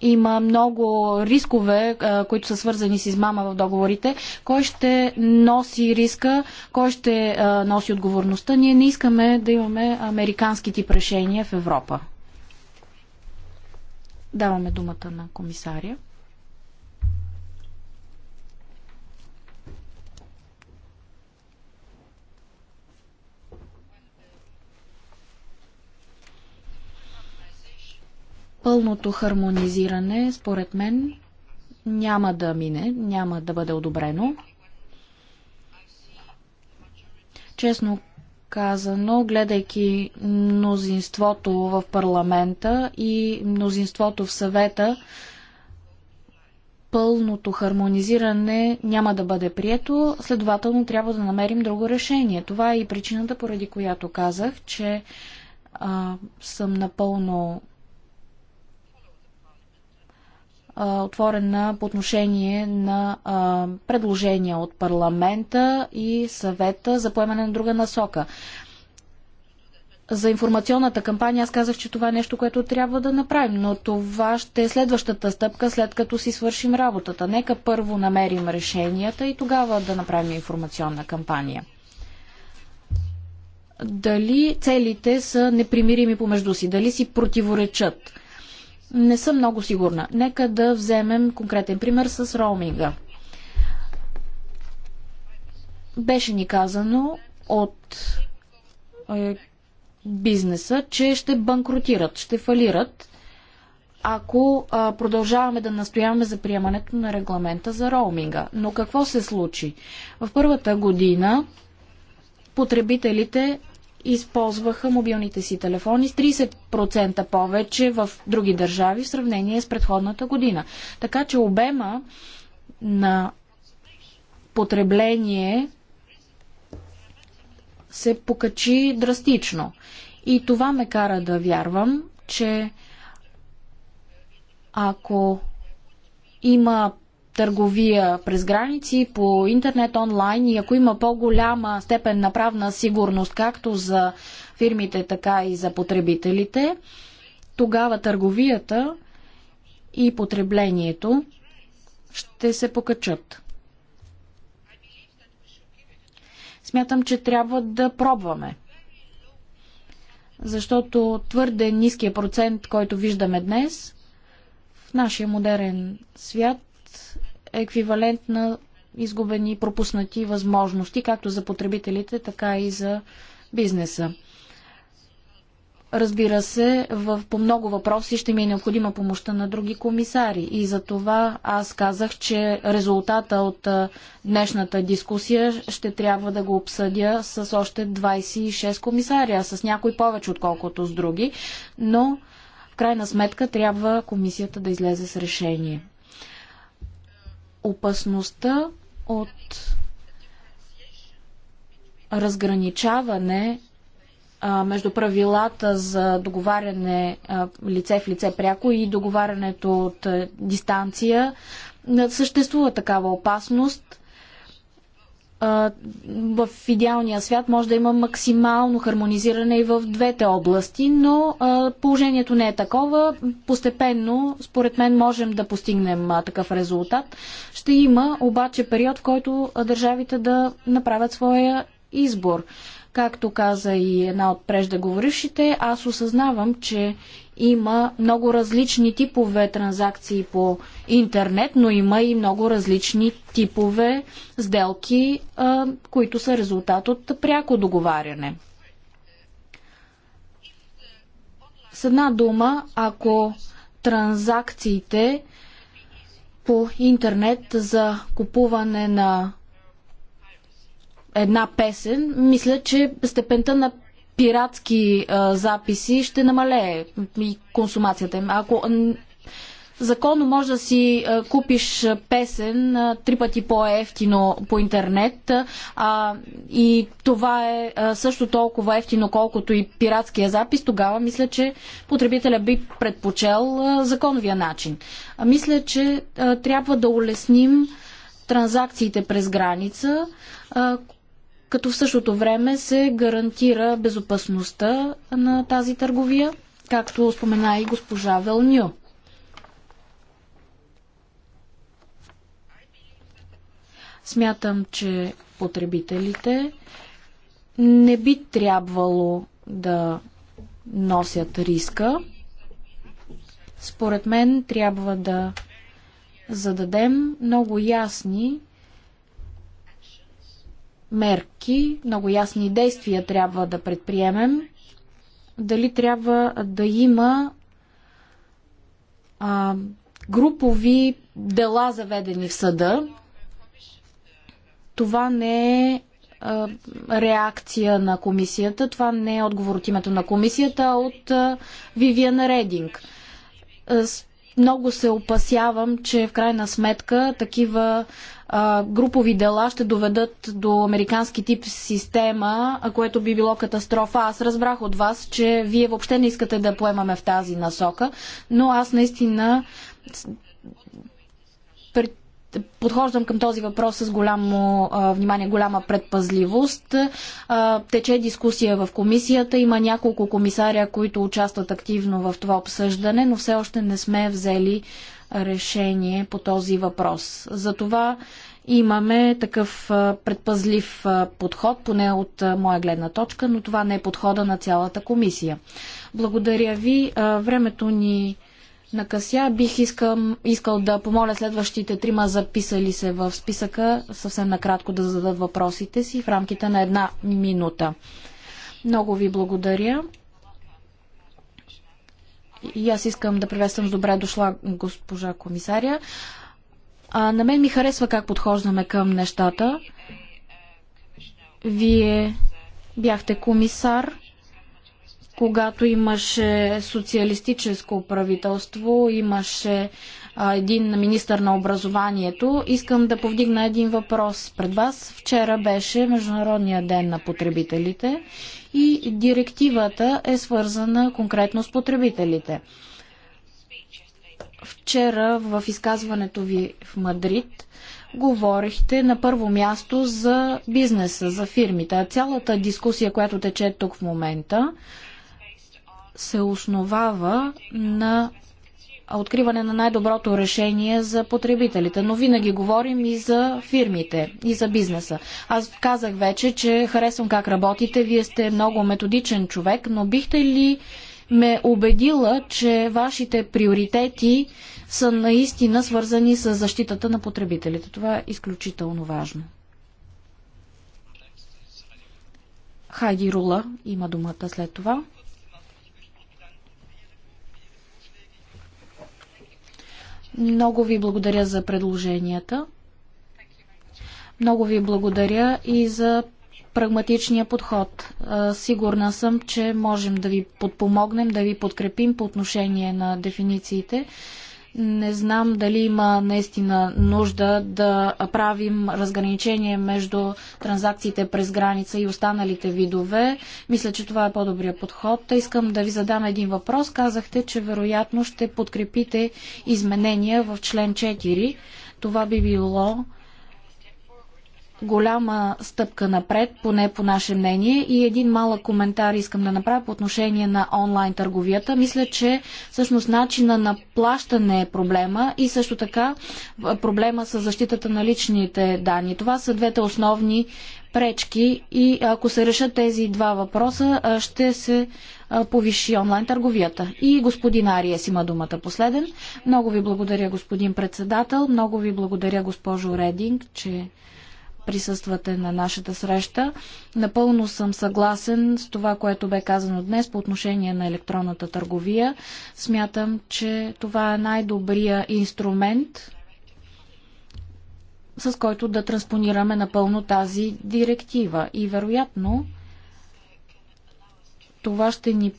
има много рискове, е, които са свързани с измама в договорите. Кой ще носи риска, кой ще е, носи отговорността? Ние не искаме да имаме американски тип решения в Европа. Даваме думата на комисаря. Пълното хармонизиране, според мен, няма да мине, няма да бъде одобрено. Честно казано, гледайки мнозинството в парламента и мнозинството в съвета, пълното хармонизиране няма да бъде прието, следователно трябва да намерим друго решение. Това е и причината, поради която казах, че а, съм напълно отворена по отношение на предложения от парламента и съвета за поемане на друга насока. За информационната кампания аз казах, че това е нещо, което трябва да направим, но това ще е следващата стъпка, след като си свършим работата. Нека първо намерим решенията и тогава да направим информационна кампания дали целите са непримирими помежду си, дали си противоречат. Не съм много сигурна. Нека да вземем конкретен пример с роуминга. Беше ни казано от е, бизнеса, че ще банкротират, ще фалират, ако продължаваме да настояваме за приемането на регламента за роуминга. Но какво се случи? В първата година потребителите използваха мобилните си телефони с 30% повече в други държави в сравнение с предходната година. Така че обема на потребление се покачи драстично. И това ме кара да вярвам, че ако има търговия през граници, по интернет, онлайн и ако има по-голяма степен на правна сигурност, както за фирмите, така и за потребителите, тогава търговията и потреблението ще се покачат. Смятам, че трябва да пробваме. Защото твърде ниския процент, който виждаме днес, в нашия модерен свят еквивалент на изгубени, пропуснати възможности, както за потребителите, така и за бизнеса. Разбира се, в, по много въпроси ще ми е необходима помощта на други комисари. И за това аз казах, че резултата от а, днешната дискусия ще трябва да го обсъдя с още 26 комисари, а с някой повече, отколкото с други. Но, в крайна сметка, трябва комисията да излезе с решение опасността от разграничаване а, между правилата за договаряне а, лице в лице пряко и договарянето от а, дистанция. Съществува такава опасност в идеалния свят може да има максимално хармонизиране и в двете области, но положението не е такова. Постепенно, според мен, можем да постигнем такъв резултат. Ще има обаче период, в който държавите да направят своя избор. Както каза и една от преждеговорившите, аз осъзнавам, че има много различни типове транзакции по интернет, но има и много различни типове сделки, които са резултат от пряко договаряне. С една дума, ако транзакциите по интернет за купуване на една песен, мисля, че степента на пиратски а, записи ще намалее и консумацията им. Ако законно може да си купиш песен три пъти по-ефтино по интернет а, и това е също толкова ефтино, колкото и пиратския запис, тогава мисля, че потребителя би предпочел законовия начин. мисля, че трябва да улесним транзакциите през граница, като в същото време се гарантира безопасността на тази търговия, както спомена и госпожа Велню. Смятам, че потребителите не би трябвало да носят риска. Според мен трябва да зададем много ясни мерки, много ясни действия трябва да предприемем. Дали трябва да има а, групови дела заведени в съда. Това не е а, реакция на комисията, това не е отговор от името на комисията, а от а, Вивиан Рединг много се опасявам, че в крайна сметка такива а, групови дела ще доведат до американски тип система, което би било катастрофа. Аз разбрах от вас, че вие въобще не искате да поемаме в тази насока, но аз наистина подхождам към този въпрос с голямо а, внимание, голяма предпазливост. А, тече дискусия в комисията. Има няколко комисаря, които участват активно в това обсъждане, но все още не сме взели решение по този въпрос. Затова имаме такъв предпазлив подход, поне от моя гледна точка, но това не е подхода на цялата комисия. Благодаря ви. Времето ни накъся. Бих искам, искал да помоля следващите трима записали се в списъка съвсем накратко да зададат въпросите си в рамките на една минута. Много ви благодаря. И аз искам да приветствам с добре дошла госпожа комисаря. А, на мен ми харесва как подхождаме към нещата. Вие бяхте комисар когато имаше социалистическо правителство, имаше а, един министър на образованието. Искам да повдигна един въпрос пред вас. Вчера беше Международния ден на потребителите и директивата е свързана конкретно с потребителите. Вчера в изказването ви в Мадрид говорихте на първо място за бизнеса, за фирмите. Цялата дискусия, която тече тук в момента, се основава на откриване на най-доброто решение за потребителите. Но винаги говорим и за фирмите, и за бизнеса. Аз казах вече, че харесвам как работите. Вие сте много методичен човек, но бихте ли ме убедила, че вашите приоритети са наистина свързани с защитата на потребителите. Това е изключително важно. Хайди Рула има думата след това. Много ви благодаря за предложенията. Много ви благодаря и за прагматичния подход. Сигурна съм, че можем да ви подпомогнем, да ви подкрепим по отношение на дефинициите не знам дали има наистина нужда да правим разграничение между транзакциите през граница и останалите видове. Мисля, че това е по-добрият подход. Искам да ви задам един въпрос. Казахте, че вероятно ще подкрепите изменения в член 4. Това би било голяма стъпка напред, поне по наше мнение. И един малък коментар искам да направя по отношение на онлайн търговията. Мисля, че всъщност начина на плащане е проблема и също така проблема с защитата на личните данни. Това са двете основни пречки и ако се решат тези два въпроса, ще се повиши онлайн търговията. И господин Ариес има думата последен. Много ви благодаря, господин председател. Много ви благодаря, госпожо Рединг, че присъствате на нашата среща. Напълно съм съгласен с това, което бе казано днес по отношение на електронната търговия. Смятам, че това е най-добрия инструмент, с който да транспонираме напълно тази директива. И вероятно това ще ни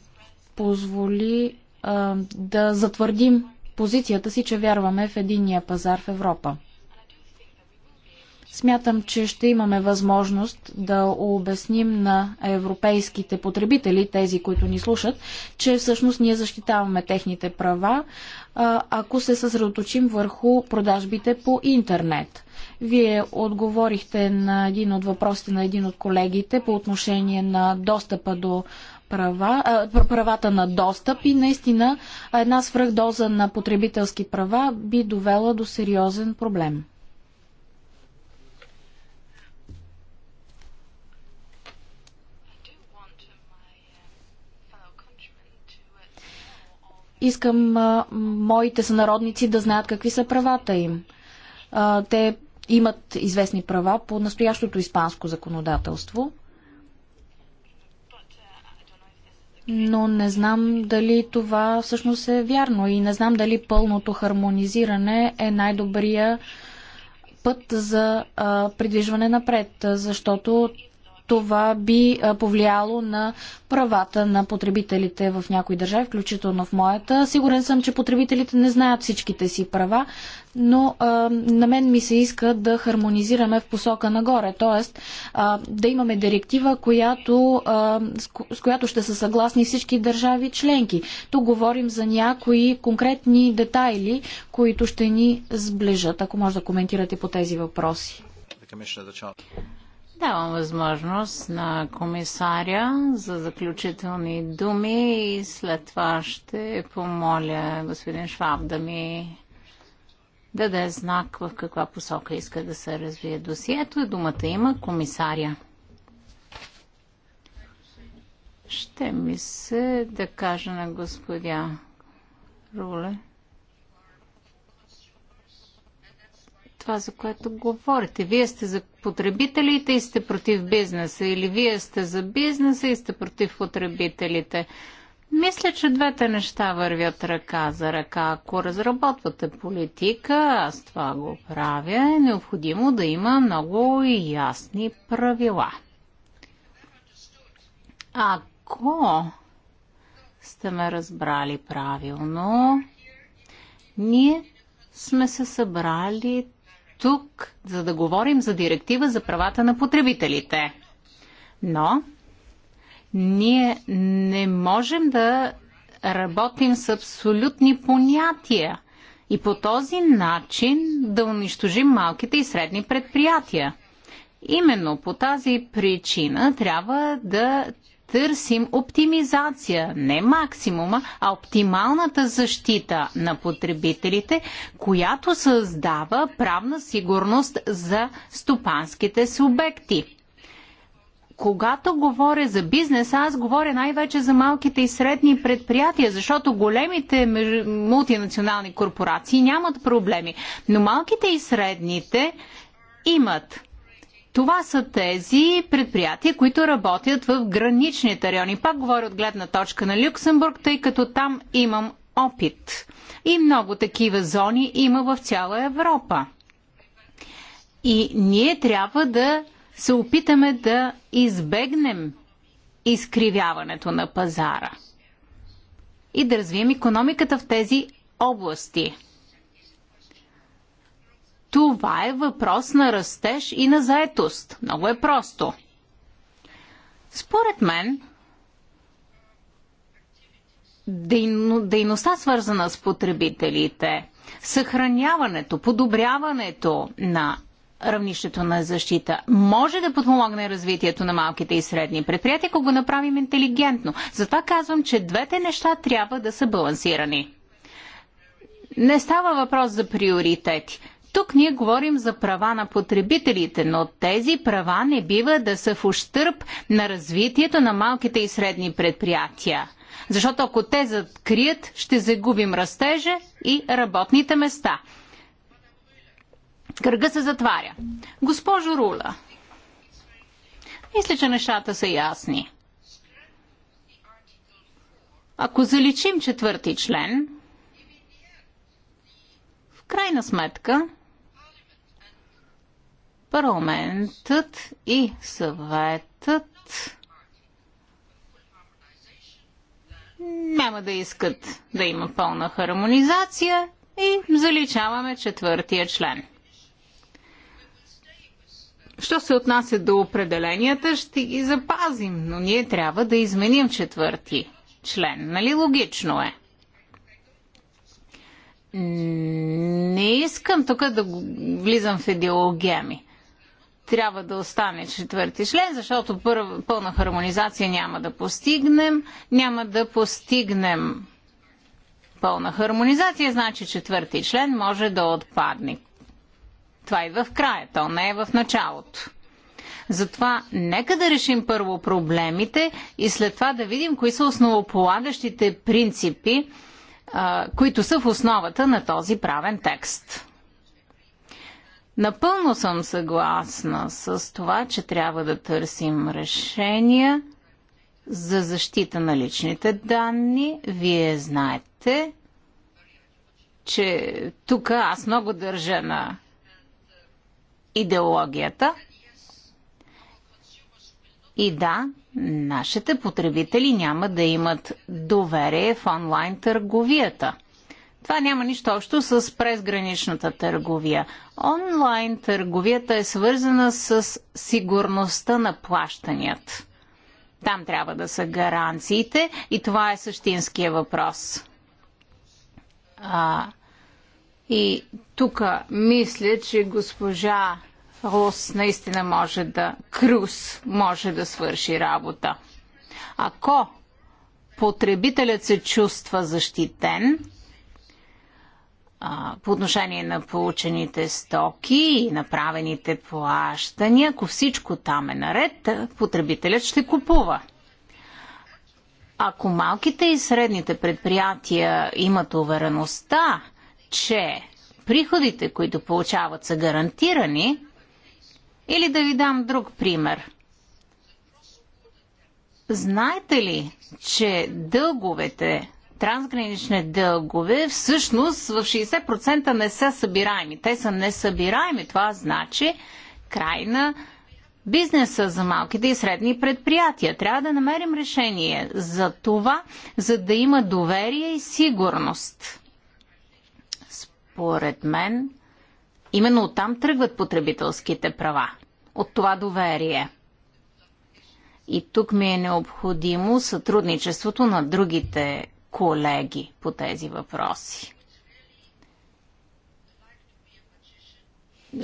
позволи а, да затвърдим позицията си, че вярваме в единния пазар в Европа. Смятам, че ще имаме възможност да обясним на европейските потребители, тези, които ни слушат, че всъщност ние защитаваме техните права, ако се съсредоточим върху продажбите по интернет. Вие отговорихте на един от въпросите на един от колегите по отношение на достъпа до права, а, правата на достъп и наистина една свръхдоза на потребителски права би довела до сериозен проблем. искам а, моите сънародници да знаят какви са правата им. А, те имат известни права по настоящото испанско законодателство. Но не знам дали това всъщност е вярно и не знам дали пълното хармонизиране е най-добрия път за а, придвижване напред, защото това би повлияло на правата на потребителите в някои държави, включително в моята. Сигурен съм, че потребителите не знаят всичките си права, но а, на мен ми се иска да хармонизираме в посока нагоре, т.е. да имаме директива, която, а, с, ко с която ще са съгласни всички държави членки. Тук говорим за някои конкретни детайли, които ще ни сближат, ако може да коментирате по тези въпроси. Давам възможност на комисаря за заключителни думи и след това ще помоля господин Шваб да ми даде знак в каква посока иска да се развие досието думата има комисаря. Ще ми се да кажа на господя Руле. това, за което говорите. Вие сте за потребителите и сте против бизнеса. Или вие сте за бизнеса и сте против потребителите. Мисля, че двете неща вървят ръка за ръка. Ако разработвате политика, аз това го правя, е необходимо да има много ясни правила. Ако сте ме разбрали правилно, ние сме се събрали тук, за да говорим за директива за правата на потребителите. Но ние не можем да работим с абсолютни понятия и по този начин да унищожим малките и средни предприятия. Именно по тази причина трябва да търсим оптимизация, не максимума, а оптималната защита на потребителите, която създава правна сигурност за стопанските субекти. Когато говоря за бизнес, аз говоря най-вече за малките и средни предприятия, защото големите мултинационални корпорации нямат проблеми, но малките и средните имат това са тези предприятия, които работят в граничните райони. Пак говоря от гледна точка на Люксембург, тъй като там имам опит. И много такива зони има в цяла Европа. И ние трябва да се опитаме да избегнем изкривяването на пазара и да развием економиката в тези области. Това е въпрос на растеж и на заетост. Много е просто. Според мен, дейността свързана с потребителите, съхраняването, подобряването на равнището на защита може да подпомогне развитието на малките и средни предприятия, ако го направим интелигентно. Затова казвам, че двете неща трябва да са балансирани. Не става въпрос за приоритети. Тук ние говорим за права на потребителите, но тези права не бива да са в ущърп на развитието на малките и средни предприятия. Защото ако те закрият, ще загубим растежа и работните места. Кръга се затваря. Госпожо Рула, мисля, че нещата са ясни. Ако заличим четвърти член, в крайна сметка парламентът и съветът няма да искат да има пълна хармонизация и заличаваме четвъртия член. Що се отнася до определенията, ще ги запазим, но ние трябва да изменим четвърти член. Нали логично е? Не искам тук да влизам в идеологеми трябва да остане четвърти член, защото първа, пълна хармонизация няма да постигнем. Няма да постигнем пълна хармонизация, значи четвърти член може да отпадне. Това идва в края, то не е в началото. Затова нека да решим първо проблемите и след това да видим кои са основополагащите принципи, които са в основата на този правен текст. Напълно съм съгласна с това, че трябва да търсим решения за защита на личните данни. Вие знаете, че тук аз много държа на идеологията. И да, нашите потребители няма да имат доверие в онлайн търговията. Това няма нищо общо с презграничната търговия. Онлайн търговията е свързана с сигурността на плащанията. Там трябва да са гаранциите и това е същинския въпрос. А, и тук мисля, че госпожа Рус наистина може да, Крус може да свърши работа. Ако потребителят се чувства защитен, а, по отношение на получените стоки и направените плащания, ако всичко там е наред, потребителят ще купува. Ако малките и средните предприятия имат увереността, че приходите, които получават, са гарантирани, или да ви дам друг пример. Знаете ли, че дълговете трансгранични дългове всъщност в 60% не са събираеми. Те са несъбираеми. Това значи край на бизнеса за малките и средни предприятия. Трябва да намерим решение за това, за да има доверие и сигурност. Според мен, именно оттам тръгват потребителските права. От това доверие. И тук ми е необходимо сътрудничеството на другите колеги по тези въпроси.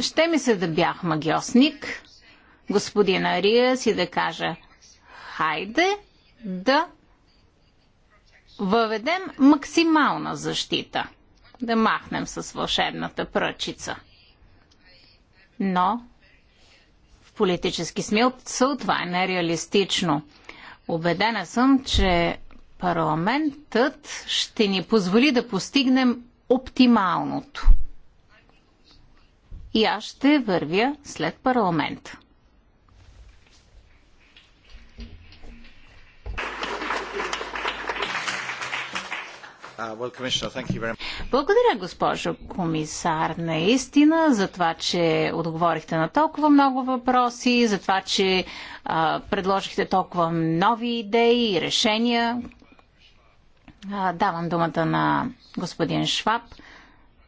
Ще ми се да бях магиосник, господин Ариас, и да кажа, хайде да въведем максимална защита, да махнем с вълшебната пръчица. Но в политически смисъл това е нереалистично. Обедена съм, че парламентът ще ни позволи да постигнем оптималното. И аз ще вървя след парламент. Uh, Благодаря, госпожо комисар, наистина, за това, че отговорихте на толкова много въпроси, за това, че а, предложихте толкова нови идеи и решения, Давам думата на господин Шваб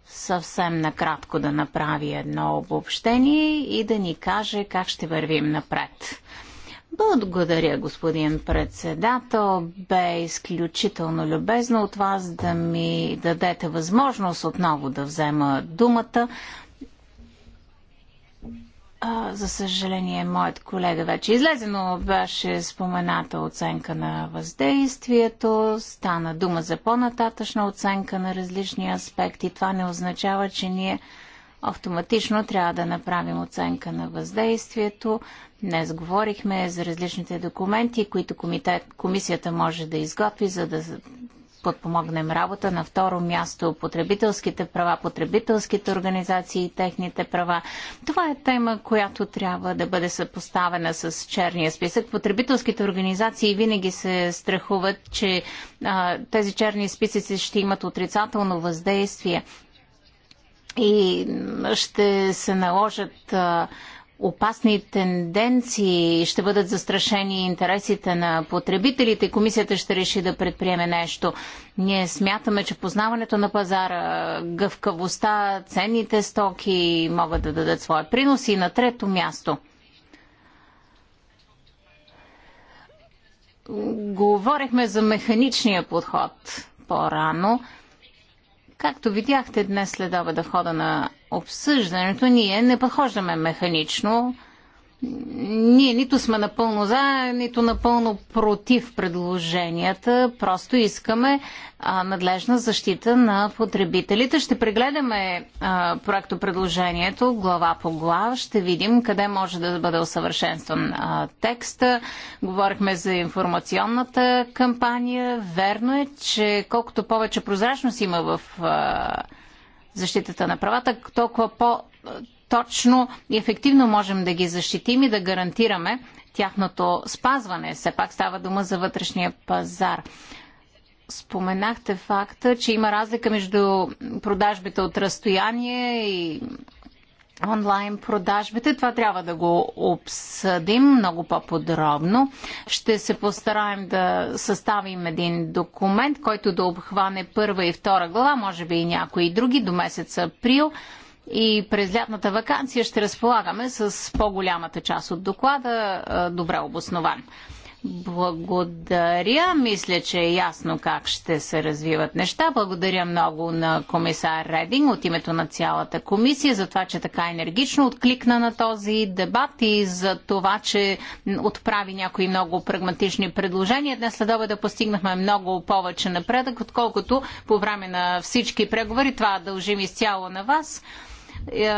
съвсем накратко да направи едно обобщение и да ни каже как ще вървим напред. Благодаря, господин председател. Бе изключително любезно от вас да ми дадете възможност отново да взема думата. А, за съжаление, моят колега вече излезе, но беше спомената оценка на въздействието. Стана дума за по-нататъчна оценка на различни аспекти. Това не означава, че ние автоматично трябва да направим оценка на въздействието. Днес говорихме за различните документи, които комитет, комисията може да изготви, за да подпомогнем работа. На второ място потребителските права, потребителските организации и техните права. Това е тема, която трябва да бъде съпоставена с черния списък. Потребителските организации винаги се страхуват, че а, тези черни списъци ще имат отрицателно въздействие и ще се наложат а, опасни тенденции, ще бъдат застрашени интересите на потребителите и комисията ще реши да предприеме нещо. Ние смятаме, че познаването на пазара, гъвкавостта, ценните стоки могат да дадат своя принос и на трето място – Говорихме за механичния подход по-рано. Както видяхте днес след обеда в хода на обсъждането ние не подхождаме механично. Ние нито сме напълно за, нито напълно против предложенията. Просто искаме а, надлежна защита на потребителите. Ще прегледаме а, проекто предложението глава по глава. Ще видим къде може да бъде усъвършенстван а, текста. Говорихме за информационната кампания. Верно е, че колкото повече прозрачност има в. А, защитата на правата, толкова по-точно и ефективно можем да ги защитим и да гарантираме тяхното спазване. Все пак става дума за вътрешния пазар. Споменахте факта, че има разлика между продажбите от разстояние и онлайн продажбите. Това трябва да го обсъдим много по-подробно. Ще се постараем да съставим един документ, който да обхване първа и втора глава, може би и някои други до месец април. И през лятната вакансия ще разполагаме с по-голямата част от доклада, е, добре обоснован. Благодаря. Мисля, че е ясно как ще се развиват неща. Благодаря много на комисар Рединг от името на цялата комисия за това, че така енергично откликна на този дебат и за това, че отправи някои много прагматични предложения. Днес след обеда постигнахме много повече напредък, отколкото по време на всички преговори. Това дължим изцяло на вас. Е,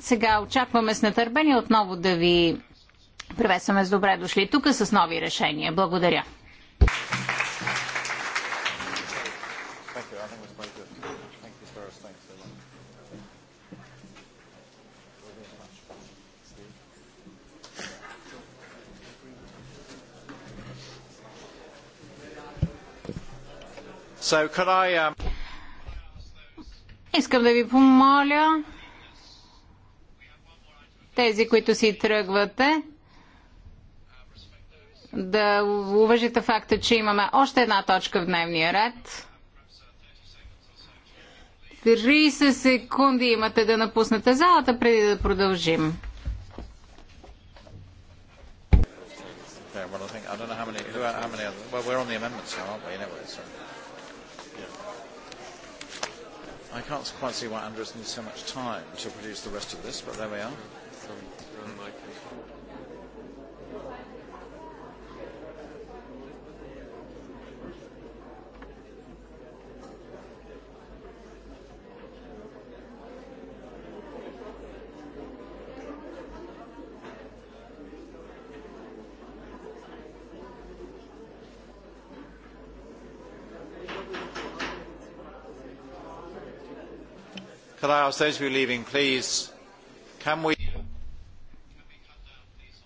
сега очакваме с нетърпение отново да ви Приветстваме с добре дошли тук с нови решения. Благодаря. So I... Um, Искам да ви помоля тези, които си тръгвате, да уважите факта, че имаме още една точка в дневния ред. 30 секунди имате да напуснете залата преди да продължим. I I can't quite see why Andrew's needs so much time to produce the rest of this, but there we are. Could I ask those of you leaving, please, can we...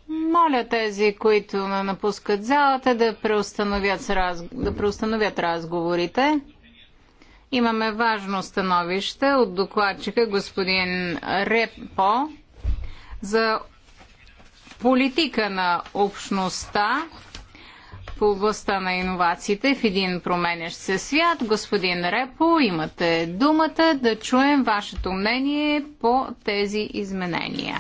Моля тези, които напускат залата, да преустановят, раз... да преустановят разговорите. Имаме важно становище от докладчика господин Репо за политика на общността в областта на иновациите в един променящ се свят. Господин Репо, имате думата да чуем вашето мнение по тези изменения.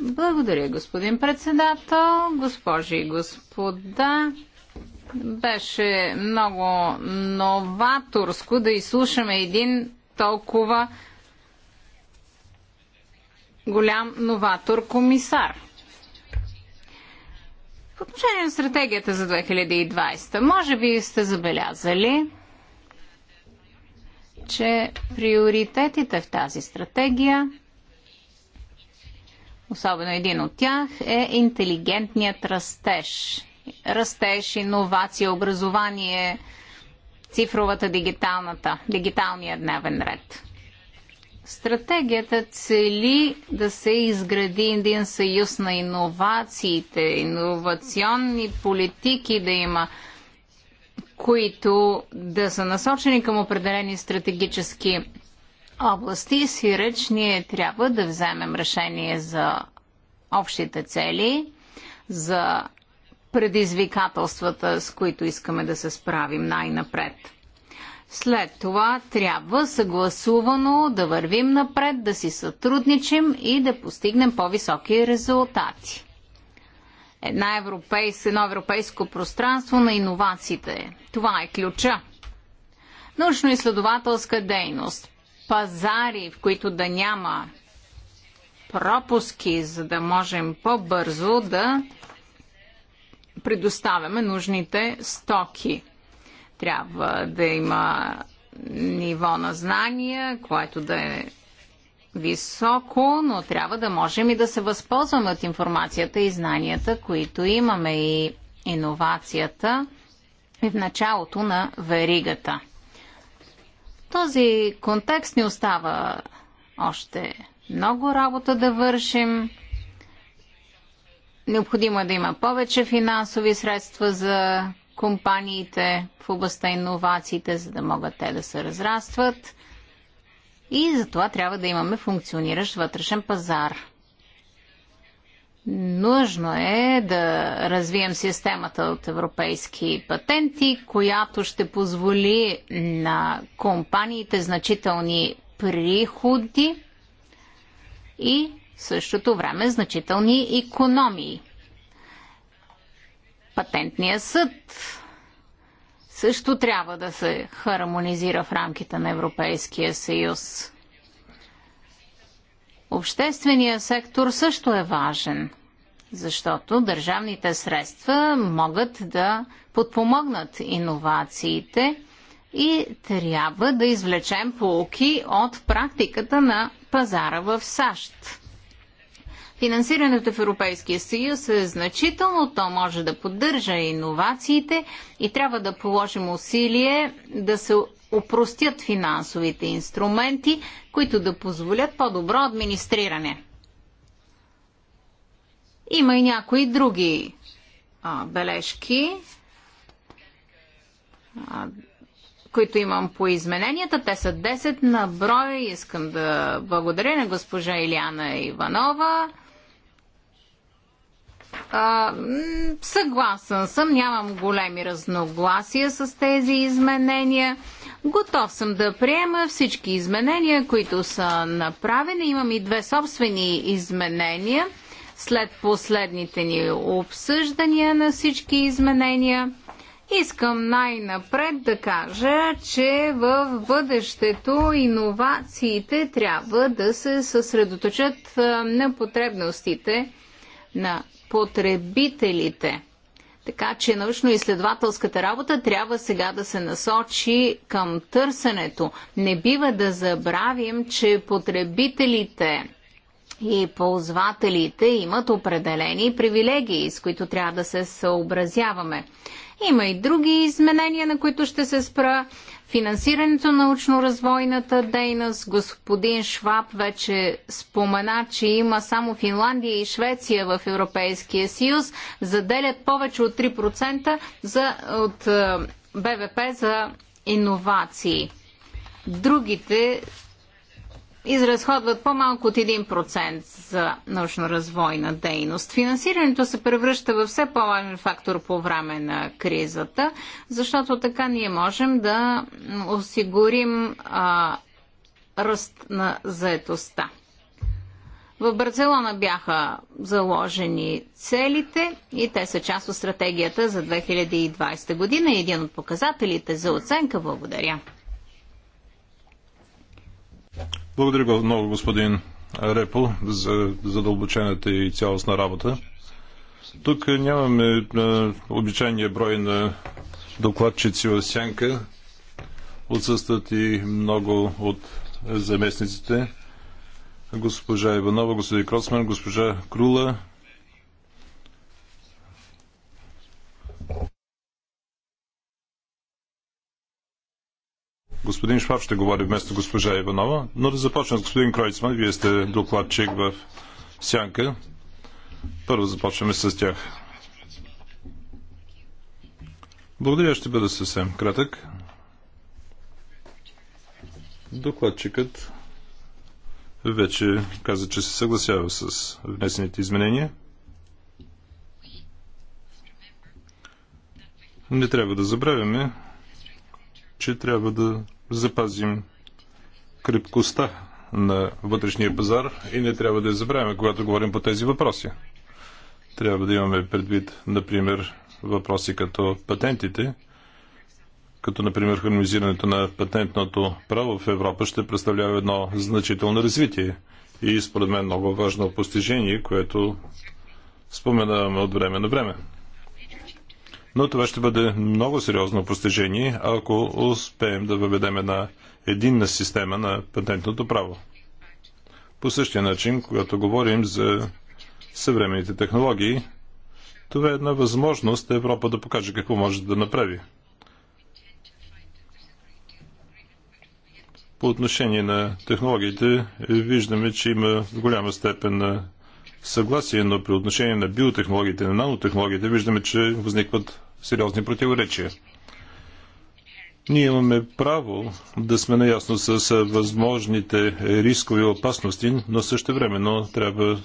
Благодаря, господин председател, госпожи и господа. Беше много новаторско да изслушаме един толкова голям новатор комисар отношение на стратегията за 2020, може би сте забелязали, че приоритетите в тази стратегия, особено един от тях, е интелигентният растеж. Растеж, иновация, образование, цифровата дигиталната, дигиталния дневен ред. Стратегията цели да се изгради един съюз на иновациите, иновационни политики да има, които да са насочени към определени стратегически области. Си реч ние трябва да вземем решение за общите цели, за предизвикателствата, с които искаме да се справим най-напред. След това трябва съгласувано да вървим напред, да си сътрудничим и да постигнем по-високи резултати. Една европейс, едно европейско пространство на иновациите. Това е ключа. Научно-изследователска дейност. Пазари, в които да няма пропуски, за да можем по-бързо да предоставяме нужните стоки трябва да има ниво на знания, което да е високо, но трябва да можем и да се възползваме от информацията и знанията, които имаме и иновацията и в началото на веригата. този контекст ни остава още много работа да вършим. Необходимо е да има повече финансови средства за компаниите в областта иновациите, за да могат те да се разрастват. И за това трябва да имаме функциониращ вътрешен пазар. Нужно е да развием системата от европейски патенти, която ще позволи на компаниите значителни приходи и в същото време значителни економии. Патентния съд също трябва да се хармонизира в рамките на Европейския съюз. Общественият сектор също е важен, защото държавните средства могат да подпомогнат иновациите и трябва да извлечем полки от практиката на пазара в САЩ. Финансирането в Европейския съюз е значително, то може да поддържа иновациите и трябва да положим усилие да се опростят финансовите инструменти, които да позволят по-добро администриране. Има и някои други а, бележки, а, които имам по измененията. Те са 10 на брой. Искам да благодаря на госпожа Илиана Иванова съгласен съм, нямам големи разногласия с тези изменения. Готов съм да приема всички изменения, които са направени. Имам и две собствени изменения след последните ни обсъждания на всички изменения. Искам най-напред да кажа, че в бъдещето иновациите трябва да се съсредоточат на потребностите на потребителите. Така че научно-изследователската работа трябва сега да се насочи към търсенето. Не бива да забравим, че потребителите и ползвателите имат определени привилегии, с които трябва да се съобразяваме. Има и други изменения, на които ще се спра. Финансирането на научно-развойната дейност, господин Шваб вече спомена, че има само Финландия и Швеция в Европейския съюз, заделят повече от 3% от е, БВП за иновации. Другите изразходват по-малко от 1% за научно-развойна дейност. Финансирането се превръща в все по-важен фактор по време на кризата, защото така ние можем да осигурим а, ръст на заетостта. В Барселона бяха заложени целите и те са част от стратегията за 2020 година и един от показателите за оценка. Благодаря. Благодаря много, господин Репо, за задълбочената и цялостна работа. Тук нямаме обичайния брой на докладчици в сянка. Отсъстват и много от заместниците. Госпожа Иванова, господин Кроцман, госпожа Крула, Господин Шваб ще говори вместо госпожа Иванова, но да започна с господин Кройцман. Вие сте докладчик в Сянка. Първо започваме с тях. Благодаря, ще бъда съвсем кратък. Докладчикът вече каза, че се съгласява с внесените изменения. Не трябва да забравяме, че трябва да запазим крепкостта на вътрешния пазар и не трябва да я забравяме, когато говорим по тези въпроси. Трябва да имаме предвид, например, въпроси като патентите, като например хармонизирането на патентното право в Европа ще представлява едно значително развитие и според мен много важно постижение, което споменаваме от време на време но това ще бъде много сериозно постижение, ако успеем да въведем една единна система на патентното право. По същия начин, когато говорим за съвременните технологии, това е една възможност Европа да покаже какво може да направи. По отношение на технологиите, виждаме, че има голяма степен на съгласие, но при отношение на биотехнологиите, на нанотехнологиите, виждаме, че възникват сериозни противоречия. Ние имаме право да сме наясно с възможните рискови опасности, но също времено трябва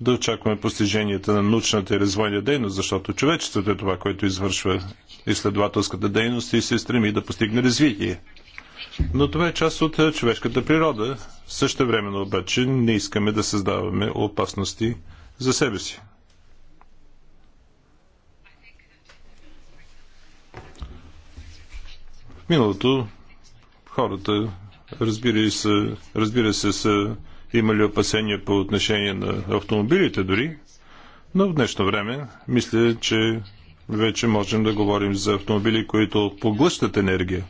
да очакваме постиженията на научната и развойна дейност, защото човечеството е това, което извършва изследователската дейност и се стреми да постигне развитие. Но това е част от човешката природа. Също времено обаче не искаме да създаваме опасности за себе си. миналото хората, разбира се, разбира се, са имали опасения по отношение на автомобилите дори, но в днешно време мисля, че вече можем да говорим за автомобили, които поглъщат енергия.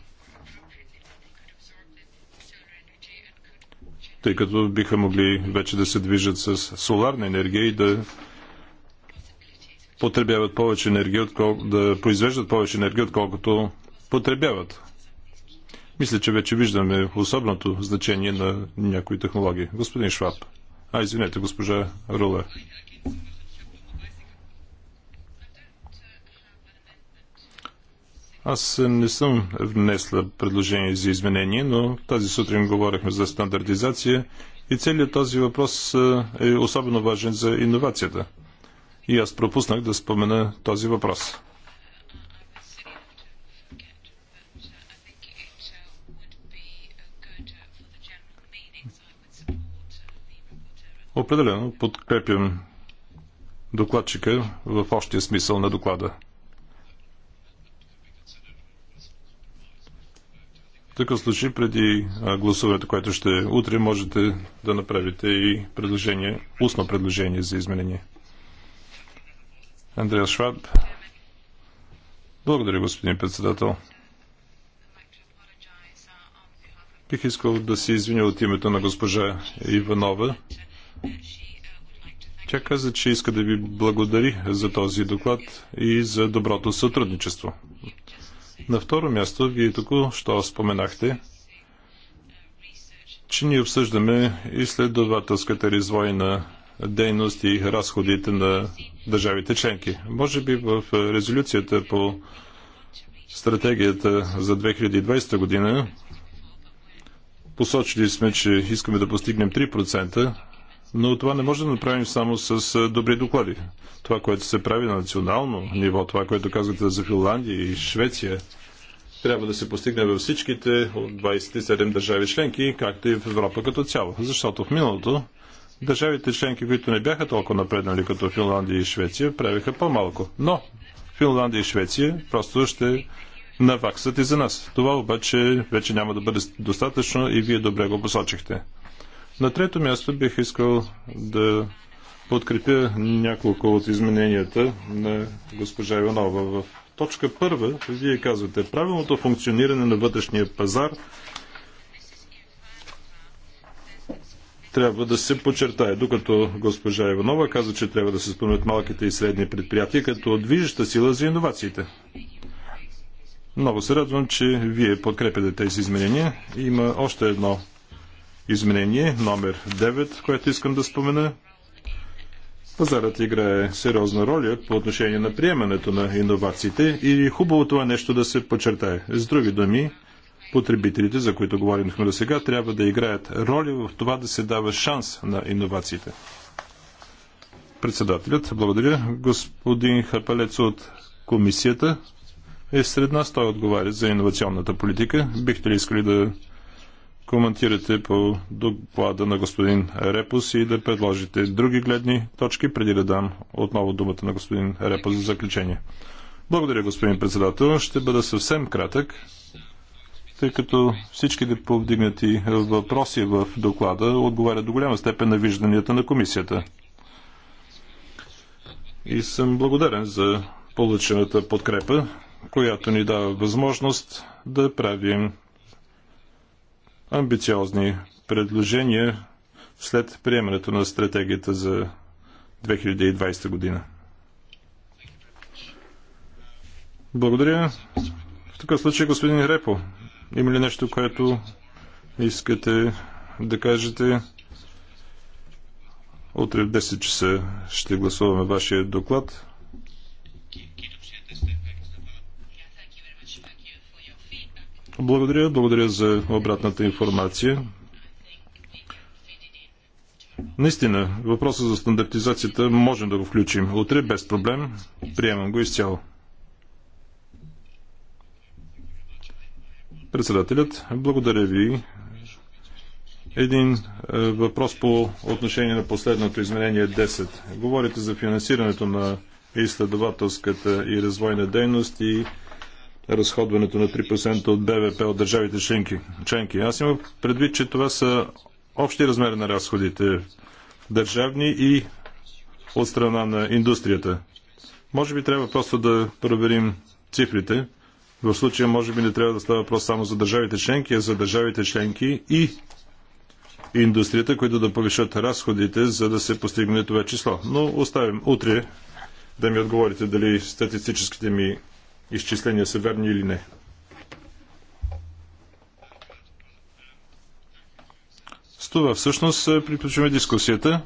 Тъй като биха могли вече да се движат с соларна енергия и да потребяват повече енергия, отколко, да произвеждат повече енергия, отколкото потребяват. Мисля, че вече виждаме особеното значение на някои технологии. Господин Шваб. А, извинете, госпожа Рулер. Аз не съм внесла предложение за изменение, но тази сутрин говорихме за стандартизация и целият този въпрос е особено важен за иновацията. И аз пропуснах да спомена този въпрос. Определено подкрепям докладчика в общия смисъл на доклада. В такъв случай, преди гласуването, което ще е утре, можете да направите и предложение, устно предложение за изменение. Андреа Шваб. Благодаря, господин председател. Бих искал да се извиня от името на госпожа Иванова, тя каза, че иска да ви благодари за този доклад и за доброто сътрудничество. На второ място, вие тук, що споменахте, че ние обсъждаме изследователската резвойна дейност и разходите на държавите членки. Може би в резолюцията по стратегията за 2020 година посочили сме, че искаме да постигнем 3%, но това не може да направим само с добри доклади. Това, което се прави на национално ниво, това, което казвате за Финландия и Швеция, трябва да се постигне във всичките от 27 държави членки, както и в Европа като цяло. Защото в миналото държавите членки, които не бяха толкова напреднали като Финландия и Швеция, правиха по-малко. Но Финландия и Швеция просто ще наваксат и за нас. Това обаче вече няма да бъде достатъчно и вие добре го посочихте. На трето място бих искал да подкрепя няколко от измененията на госпожа Иванова. В точка първа вие казвате правилното функциониране на вътрешния пазар трябва да се подчертае. Докато госпожа Иванова каза, че трябва да се спомнят малките и средни предприятия като движеща сила за иновациите. Много се радвам, че вие подкрепяте тези изменения. Има още едно изменение номер 9, което искам да спомена. Пазарът играе сериозна роля по отношение на приемането на иновациите и хубаво това нещо да се подчертае. С други думи, потребителите, за които говорихме до сега, трябва да играят роля в това да се дава шанс на иновациите. Председателят, благодаря. Господин Хапалец от комисията е сред нас. Той отговаря за иновационната политика. Бихте ли искали да коментирате по доклада на господин Репус и да предложите други гледни точки, преди да дам отново думата на господин Репус за заключение. Благодаря, господин председател. Ще бъда съвсем кратък, тъй като всичките повдигнати въпроси в доклада отговарят до голяма степен на вижданията на комисията. И съм благодарен за получената подкрепа, която ни дава възможност да правим амбициозни предложения след приемането на стратегията за 2020 година. Благодаря. В такъв случай, господин Репо, има ли нещо, което искате да кажете? Утре в 10 часа ще гласуваме вашия доклад. Благодаря, благодаря за обратната информация. Наистина, въпроса за стандартизацията можем да го включим. Утре без проблем. Приемам го изцяло. Председателят, благодаря ви. Един е, въпрос по отношение на последното изменение 10. Говорите за финансирането на изследователската и развойна дейност и разходването на 3% от БВП от държавите членки. членки. Аз имам предвид, че това са общи размери на разходите, държавни и от страна на индустрията. Може би трябва просто да проверим цифрите. В случая може би не трябва да става въпрос само за държавите членки, а за държавите членки и индустрията, които да повишат разходите, за да се постигне това число. Но оставим утре да ми отговорите дали статистическите ми изчисления са верни или не. С това всъщност е, приключваме дискусията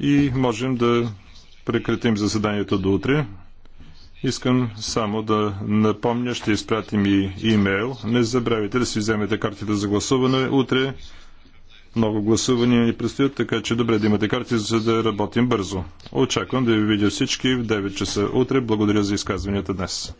и можем да прекратим заседанието до утре. Искам само да напомня, ще изпратим и имейл. Не забравяйте да си вземете картите за гласуване. Утре много гласувания ни предстоят, така че добре да имате карти, за да работим бързо. Очаквам да ви видя всички в 9 часа утре. Благодаря за изказванията днес.